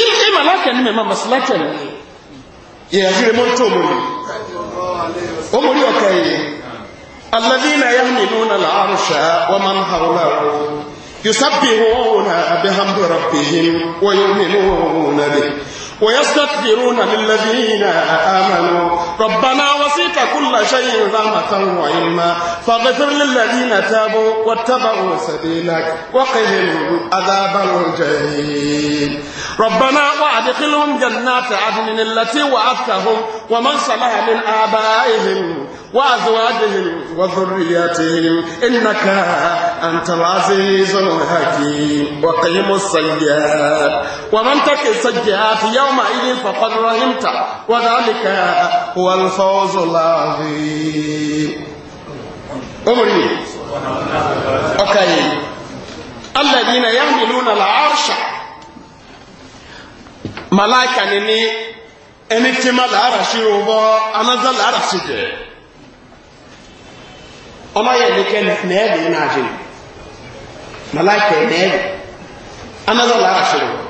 إيه ملاكا نمي مسلاكا نمي يهجر من تومني أمري الذين يحملون العرش ومن حوله يسبحون بحمد ربهم ويؤمنون به ويستكبرون للذين آمنوا ربنا وسيت كل شيء رحمة وعلما فاغفر للذين تابوا واتبعوا سبيلك وقهم عذاب الجحيم ربنا وادخلهم جنات عدن التي وعدتهم ومن صلح من آبائهم وأزواجهم وذرياتهم إنك أنت العزيز الحكيم وقهم السيئات ومن تك السيئات يوم يومئذ فقد رحمت وذلك هو الفوز العظيم أمري أوكي الذين يحملون العرش ملائكة نني أنك تمال العرش يوبا أنا ذا العرش دي وما yẹn ní kẹ́ni ní ẹ̀dùn ní àjẹ́ mọ̀láìkẹ́ ní ẹ̀dùn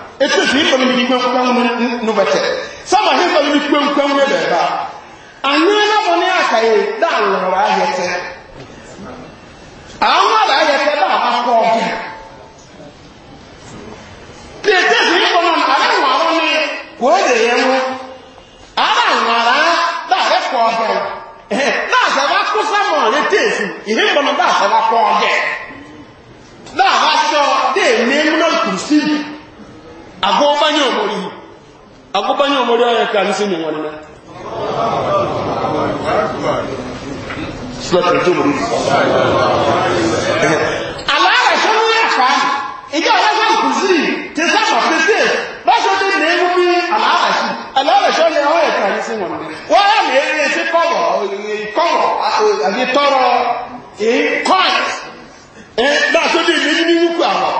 etu fi ifɔ mi di kpenkpen nu bɛtɛ sama hi ifɔ mi di kpenkpen nu bɛ ba anyi na mo ni aka yi da awura ayɛ tɛ awura ayɛ tɛ da akɔ ɔbɛ tete fi ifɔ mi na ale ŋun awɔ ni ko e de yɛ mu ala ŋara da ale kɔ ɔbɛ da asɛ ba kó sámɔ ale te fi ihe ifɔ mi da asɛ ba kɔ ɔbɛ da a ba sɔ de ne mu na kurusi agobanye omuli agobanye omuli ayekanisa enyonwanina alaala shomuyafaani ijọ ọlọsọ nkuzi tẹsán of the state báṣọ tẹ ní ẹnu bí alaala shi alaala shi ọlẹ ọwọ ẹkanisa enyonwanina wọn yà mí ẹrẹ ẹsẹ kọlọ kọlọ àbí tọrọ ẹ kọlọ ẹ báṣọ tẹ ní ẹnu bí wúkú àwọn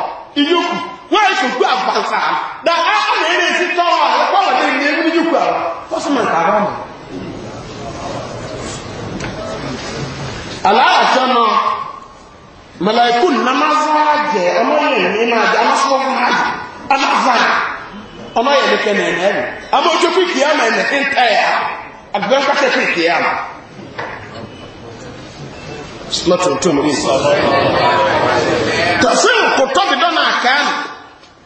ìyókù. wọ́n yẹ kùkú àgbàǹsà dà á ọ̀nà eré sí tọ́wọ́ àlọ́pọ̀ wà ní ilé ẹgbẹ́ yìí kù àwọn kọ́sùmọ̀ àbá mi. aláàjọ náà mẹlẹ́kù ọmọ yẹn ní máa jẹ amásọ́ ọmọ yẹn ní kẹ́nà ẹ̀ nẹ́rù àmọ́ ojú kìkì àmà ẹ̀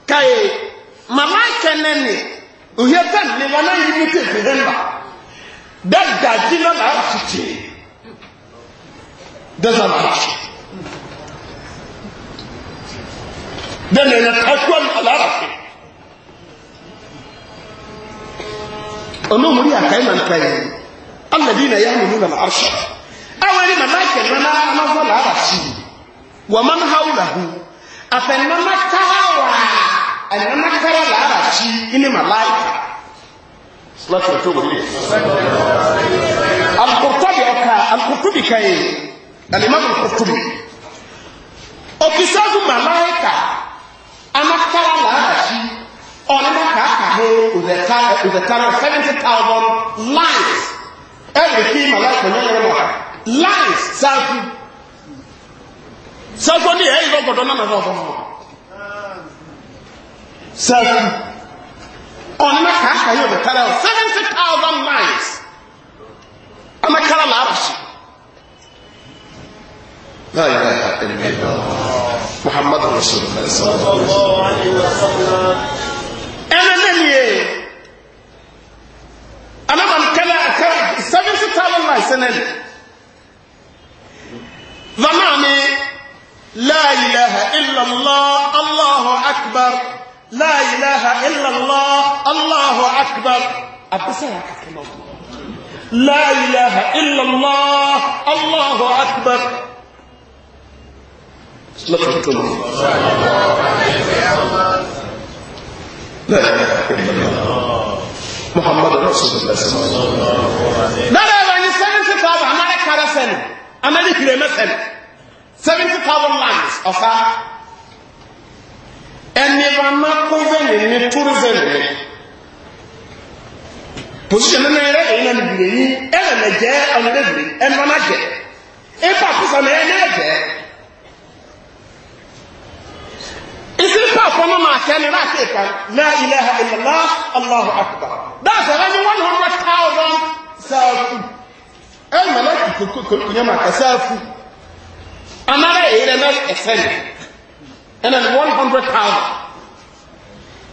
kae malaika nene uhia tan ne wana yimite bihemba dada jina la afiti dada la afiti dada na takwa la afiti ono muri akai man kai alladina yahmiluna al-arsha awali malaika nana anazala afiti wa man hawlahu afanna matawa ẹ̀nà nàkàrà làbà tí ilé màláìkà láti ọ̀tọ́ wòlíì alukọ̀tọ́bì ọ̀ka alukọ̀tọ́bì kàyé alimami alukọ̀tọ́bì òkìsẹ́gun màláìkà anakàrà làbà tí ọ̀nàmàkà àkàhé òzẹ̀tàrà seventy thousand lines ẹ̀rì kí màláìkà no ẹ̀rọ wà lines sáàkú sáàkú ní ẹ̀yìn lọ́gọ̀dọ̀ na lọ́gọ̀dọ̀ náà. seven ọ̀nà kàákà yóò bẹ̀ tẹ́lẹ̀ seventy thousand miles my car làárọ̀ṣì. لا إله إلا الله محمد رسول الله صلى الله عليه وسلم أنا نمي أنا من كلا كلا سبعين ستة الله سنة ظنعني لا إله إلا الله الله أكبر لا إله إلا الله الله أكبر أبسا لا إله إلا الله الله أكبر لقيتم لا إله إلا الله محمد رسول الله صلى الله عليه وسلم لا لا يعني يسلم في طابع مالك كرسل أمالك رمسل 75,000 lands of our ɛni ba ma ko vɛni ni turu vɛni ni position nana yɛrɛ yɛrɛ na ni bire yi ɛna na jɛ ɔna na bire ɛna na jɛ efa kusa na ɛna jɛ isi pa kɔnɔ ma kɛ ni naa kee kan la ilaha illallah allahu akbar daa sɛbɛn ni one hundred thousand saafu ɛna na koko koko nyɛ ma ka saafu anara yɛrɛ na ɛfɛ ni ɛna ne one hundred thousand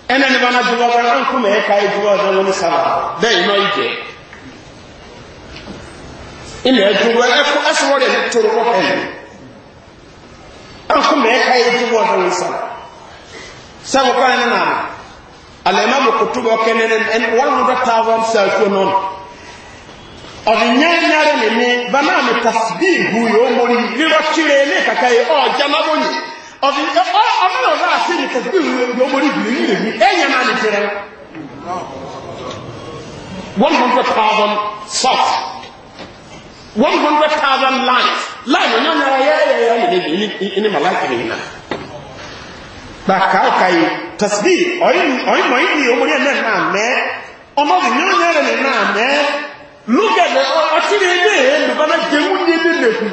ɛna ne bana duba bana an kuma yɛ kaa duba ɔdɛ wɔn ne saba bɛɛ yi ma yi jɛ ɛna ɛduba ɛkɔ ɛsɔwɔ de toro wɔ pɛn an kuma yɛ kaa duba ɔdɛ wɔn ne saba sabu kɔɛ ne nana alɛma bɛ kutu bɔ kɛnɛ ne ɛn one hundred thousand sɛ ɛfɛ nɔnɔ ọ̀dì nyẹ́nyẹ́rẹ́ nìmi bá náà mi tasbí ìhù yóò mọ̀rí rírọ́ kiri ní kàkà yìí ọ̀ jẹ́ náà bóyìí ọmọlọ náà sí ní kẹsìkú ìwé ìwé ọmọ ìgbìmọ̀ yìí lè ní ẹ̀yẹ máa lè tẹ̀rẹ̀ one hundred thousand salt one hundred thousand lines line ọ̀nyá náà yẹ ẹ̀yẹ yẹ ẹ̀yẹ ní ní màláìkì nìyí náà. na kàákà yìí tẹsibí ọ̀yìn mọ̀ yìí ni ọmọ yẹn náà mẹ́ ọmọ ìyẹn náà rẹ̀ náà mẹ́ lókè ọtí ni ẹgbẹ́ yẹn lùbọ́n náà jẹ́ wúni ẹgbẹ́ lẹ́kùn.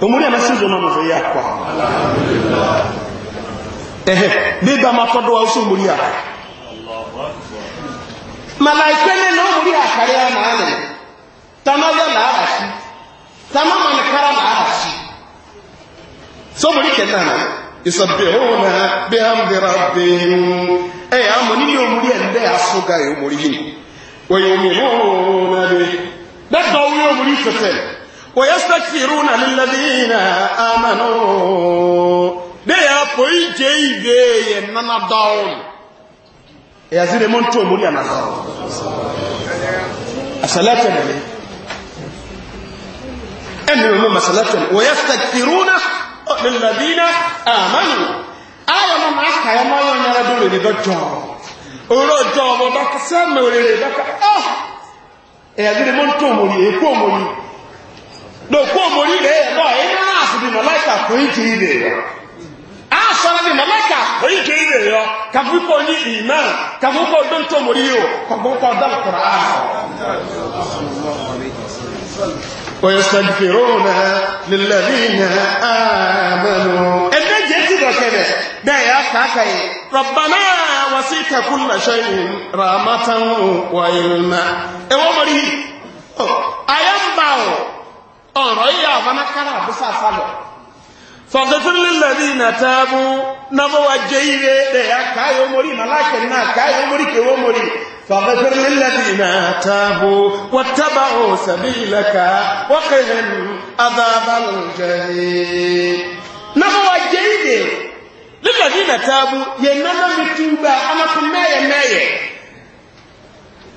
omuri ya masizo na mwe ya kwa ehe biba matodo wa usu omuri ya malaika ne na omuri ya kare ya na ane na arashi tamama ne kara na arashi so omuri kenana isabbihuna eh amo nini omuri ya nde asuga yo e omuri hini wa bi that's how we omuri fefele ويستكثرون للذين آمنوا دي أبوي جي بي نانا داون يا زيد من تو مولي انا الصلاه عليه ان هم صلاه ويستكثرون للذين آمنوا آية ما معك يا ما وانا ردول لي دجو ورجو بابك سامي وري بابك اه يا زيد من تو مولي كو مولي dòkó omori rẹ̀ ẹ̀nà iná àṣìbì mọ̀láìkà kò í kì í rè yọ aṣọ́ra ni mọ̀láìkà kò í kì í rè yọ kàfúkọ ní ìmọ̀ kàfúkọ ọdún tó omori yìí o kàfúkọ ọdún kọ̀rọ̀ ààrùn. ويستغفرون للذين آمنوا إن جئت ذكر ده يا كاكاي ربنا وسيت كل شيء رحمة وعلما إيه ومري أيام باو ọ̀rọ̀ yíya àwọn akára àbúsà sálọ̀ fọ̀sẹ̀fúnlẹ̀ lẹ́bí na tábú náwọ́wà jẹ́ ire rẹ̀ ya káyọ mórí màláṣẹ̀ náà káyọ mórí kẹwọ́ mórí fọ̀sẹ̀fúnlẹ̀ lẹ́bí na tábú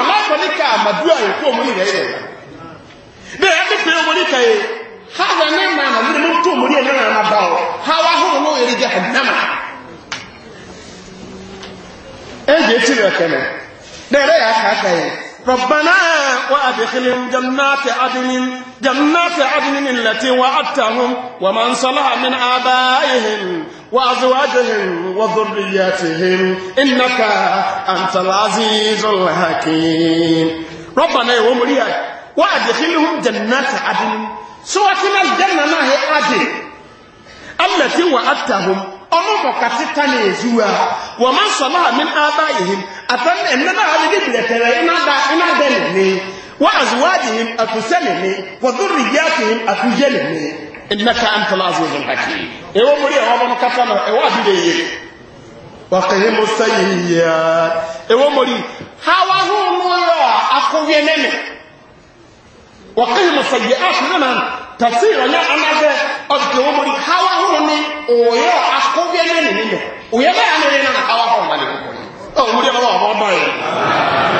na láìpẹ́ ní ká àmàdúrà òkú òmúlì rẹ̀ rẹ̀ bẹ́ẹ̀ ẹ́ pípẹ́ òmúlì ká yẹ ha wà ní ma nà nínú tó òmúlì ẹ̀ náà má bá ọ ha wá hó ló eré jẹ hànàmà ẹ jẹ ti rẹ kẹmẹ bẹ́ẹ̀ rẹ̀ yà á kà á kà yẹ rọ̀bánà wà àbẹ̀kẹ́lẹ̀ jẹ́ náà tẹ adìrin جنات عدن التي وعدتهم ومن صلح من آبائهم وأزواجهم وذرياتهم إنك أنت العزيز الحكيم ربنا يوم ليا وأدخلهم جنات عدن سواتنا الجنة ما هي عدن التي وعدتهم ọmọbọka títa na ezuwa wọ́n máa sọ̀lá àmì àbáyìí àtàlẹ̀ ẹ̀nẹ́bà àdìdì bìrẹ̀tẹ̀rẹ̀ iná dẹ̀ nìyí وأزواجهم أتسلمي وذرياتهم أتجلمي إنك أنت العزيز الحكيم إيوه مريا وابن كفانا إيوه أبدي وقهم السيئات إيوه مريا هاوه مريا أقوي نمي وقهم السيئات نمي تفسير يا أنا أذكر مريا هاوه مريا أويا أقوي نمي أويا ما أنا لنا هاوه مريا أو مريا ما هو مريا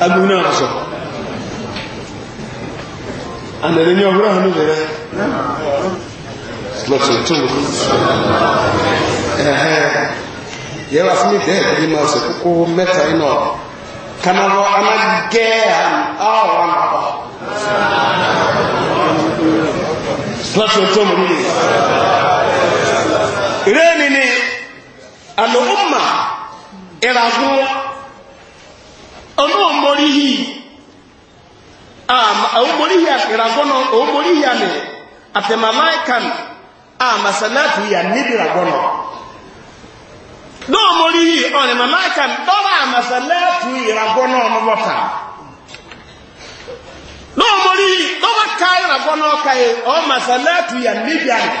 agbóhùn náà sọ àdẹ̀rẹ̀ ní ọgbọ́n àwọn obìnrin lọ́tún tó yẹ wá fún ìdẹ́ ìdí máa ṣe kókó mẹ́ta iná kanabọ anagẹ́ àwọn àmàbà lọ́tún tó ni àlọ́ ọmọ ìràgún ọ̀nà òmòrí yìí òmòrí yìí àfìràgọ́nà òmòrí yìí àmì àfẹ̀màláìkàn àmàsàlátù yìí àníbìràgọ́nà lóòmòrí yìí ọ̀nà màláìkàn dọ́là àmàsàlátù ìràgọ́nà ọmọbọ̀ta lóòmòrí yìí tọ́wọ́ ká ìràgọ́nà ọkà yìí ọmàsàlátù yìí àníbìràgọ́nà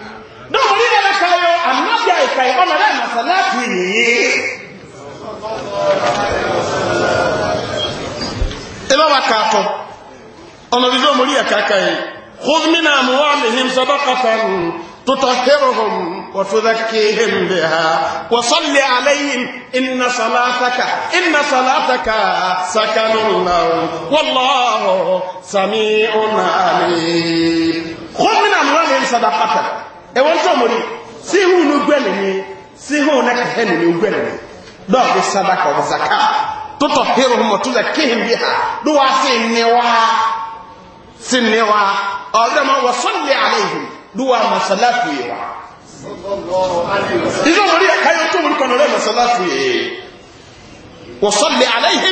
náà mo rí ẹ̀rẹ́ káyọ ànábíà ìkàyẹ ọ̀nà rẹ̀ màsà láti yìí ẹbá wa kààtọ̀ ọ̀nà bí fẹ́ mo rí ẹ̀ka káyẹ kúzmínà àmúwá mihim sọ́dọ́kọ̀tà تطهرهم وتذكيهم بها وصل عليهم إن صلاتك إن صلاتك سكن لهم والله سميع عليم خذ من أموالهم صدقة ẹwọ́n tó mọ̀ ní síhù ní gbẹ̀lẹ̀ ní síhù ní kẹhẹ́ ní gbẹ̀lẹ̀ ní lọ́ọ̀fẹ́ sábàkà ọ̀rọ̀ zaka tó tọ̀ hẹ́rọ̀ mọ̀ tó lẹ̀ kéhìn bí ha ló wá sí níwá sí níwá ọ̀rẹ́ mọ̀ wọ́n sọ́lẹ̀ alẹ́ ìhù ló wá mọ̀sálàfù yìí wá. ìjọ mọ̀ ní ẹ̀káyọ̀ tó mọ̀ kọ̀nà lẹ́ mọ̀sálàfù yìí wọ́n sọ́lẹ̀ alẹ́ ìhù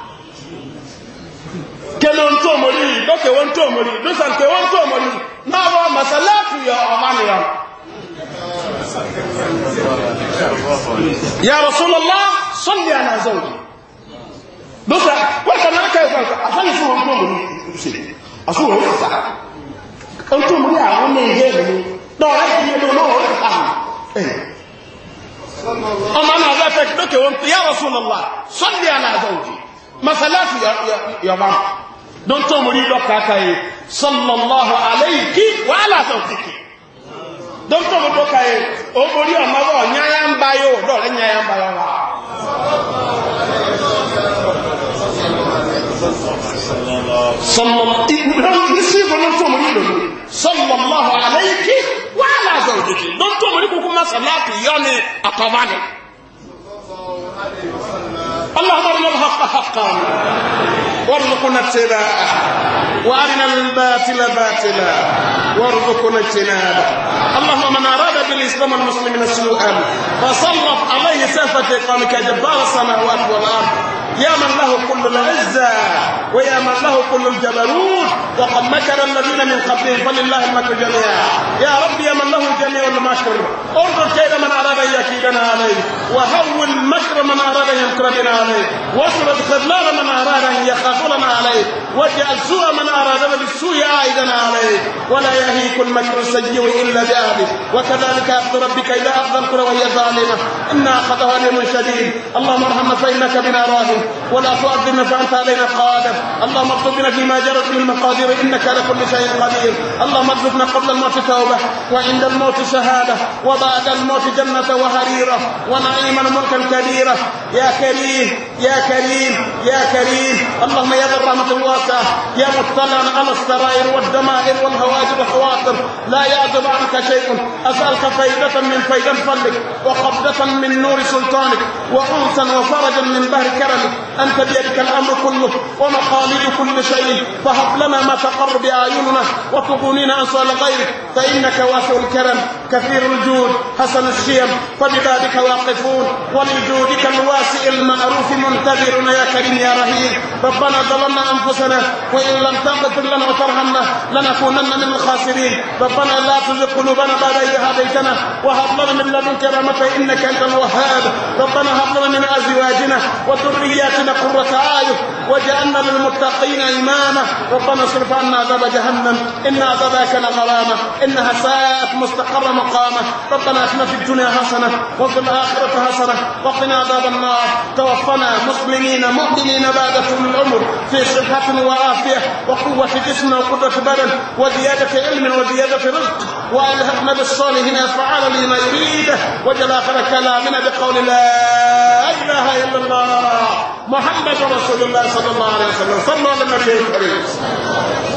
kẹlẹ ohun tó mọ̀rí lókè wọn tó mọ̀rí lóṣàǹkẹ wọn tó mọ̀rí náà wọ́n màsálàtù yọ ọmọ nìyàn ya rasulallah sọ́lẹ̀ ànàzọ́ lóṣà wọ́n kàn náà kẹ́ ìfẹ́ àfẹ́lẹ̀ fún ọmọ mọ̀rí àfúwọ̀ ó fà ohun tó mọ̀rí àwọn ọmọ ìyẹ́ ìlú náà láti yẹ lọ́wọ́ ya rasulallah sọ́lẹ̀ ànàzọ́ màsálàtù yọ ọmọ don tó mori lọ́ka kaye sallallahu alayki wa ala sawtiki don tó mori lọ́ka ye o mori ọmọ bọ nyaya ń ba yóò lọ́ọ̀rẹ́ nyaya ń ba yóò wa. sallallahu alayki wa ala sawtiki don tó mori kúkú ma salatu yọ́ni àpamani. Allah ارنا الحق حقا وارزقنا اتباعه وارنا الباطل باطلا وارزقنا اجتنابه اللهم من اراد بالاسلام والمسلمين سوءا فسلط عليه سيفك انتقامك جبار السماوات والارض يا من له كل العزة ويا من له كل الجبروت وقد مكر الذين من قبلهم فلله المكر جميعا يا رب يا من له جميع المكر انظر كيد من أراد أن يكيدنا عليه وهول مكر من أراد أن يمكر بنا عليه واسرد خذلان من أراد أن يخافلنا عليه واجعل سوء من أراد بالسوء عائدنا عليه ولا يهيك المكر السيء إلا بأهله وكذلك أخذ ربك إذا أخذ القرى وهي ظالمة إن أخذها لمن شديد اللهم ارحمنا فإنك بنا راهب عليهم ولا تؤذن فأنت علينا قادر اللهم ارزقنا فيما جرت من المقادير إنك على كل شيء قدير اللهم ارزقنا قبل الموت توبة وعند الموت شهادة وبعد الموت جنة وهريرة ونعيما ملكا كبيرا يا كريم يا كريم يا كريم اللهم يا ذا الرحمة الواسعة يا مطلعا على السرائر والدمائر والهواجر والخواطر لا يعزب عنك شيء أسألك فائده من فيدة فضلك وقبضة من نور سلطانك وأنسا وفرجا من بهر كرمك أنت بيدك الأمر كله ومقاليد كل شيء فهب لنا ما تقر بأعيننا وتغنينا أسأل غيرك فإنك واسع الكرم كثير الجود حسن الشيم فبذلك واقفون ولجودك الواسع المعروف منتظرنا يا كريم يا رهيم ربنا ظلمنا أنفسنا وإن لم تغفر لنا وترحمنا لنكونن من الخاسرين ربنا لا تزغ قلوبنا بعد إذ هديتنا وهب لنا من لدنك رحمة إنك أنت الوهاب ربنا هب لنا من أزواجنا وذريتنا وإياكنا قرة أعين وجعلنا للمتقين إماما ربنا اصرف عنا عذاب جهنم إن عذابها كان إنها ساءت مستقر مقامة ربنا أتنا في الدنيا حسنة وفي الآخرة حسنة وقنا عذاب النار توفنا مسلمين مؤمنين بعد طول العمر في صحة وعافية وقوة جسم وقدرة بدن وزيادة علم وزيادة رزق وألهم بالصالحين فعل لما يريده وجل آخر كلامنا بقول لا إله إلا الله محمد رسول الله صلى الله عليه وسلم صلى الله عليه وسلم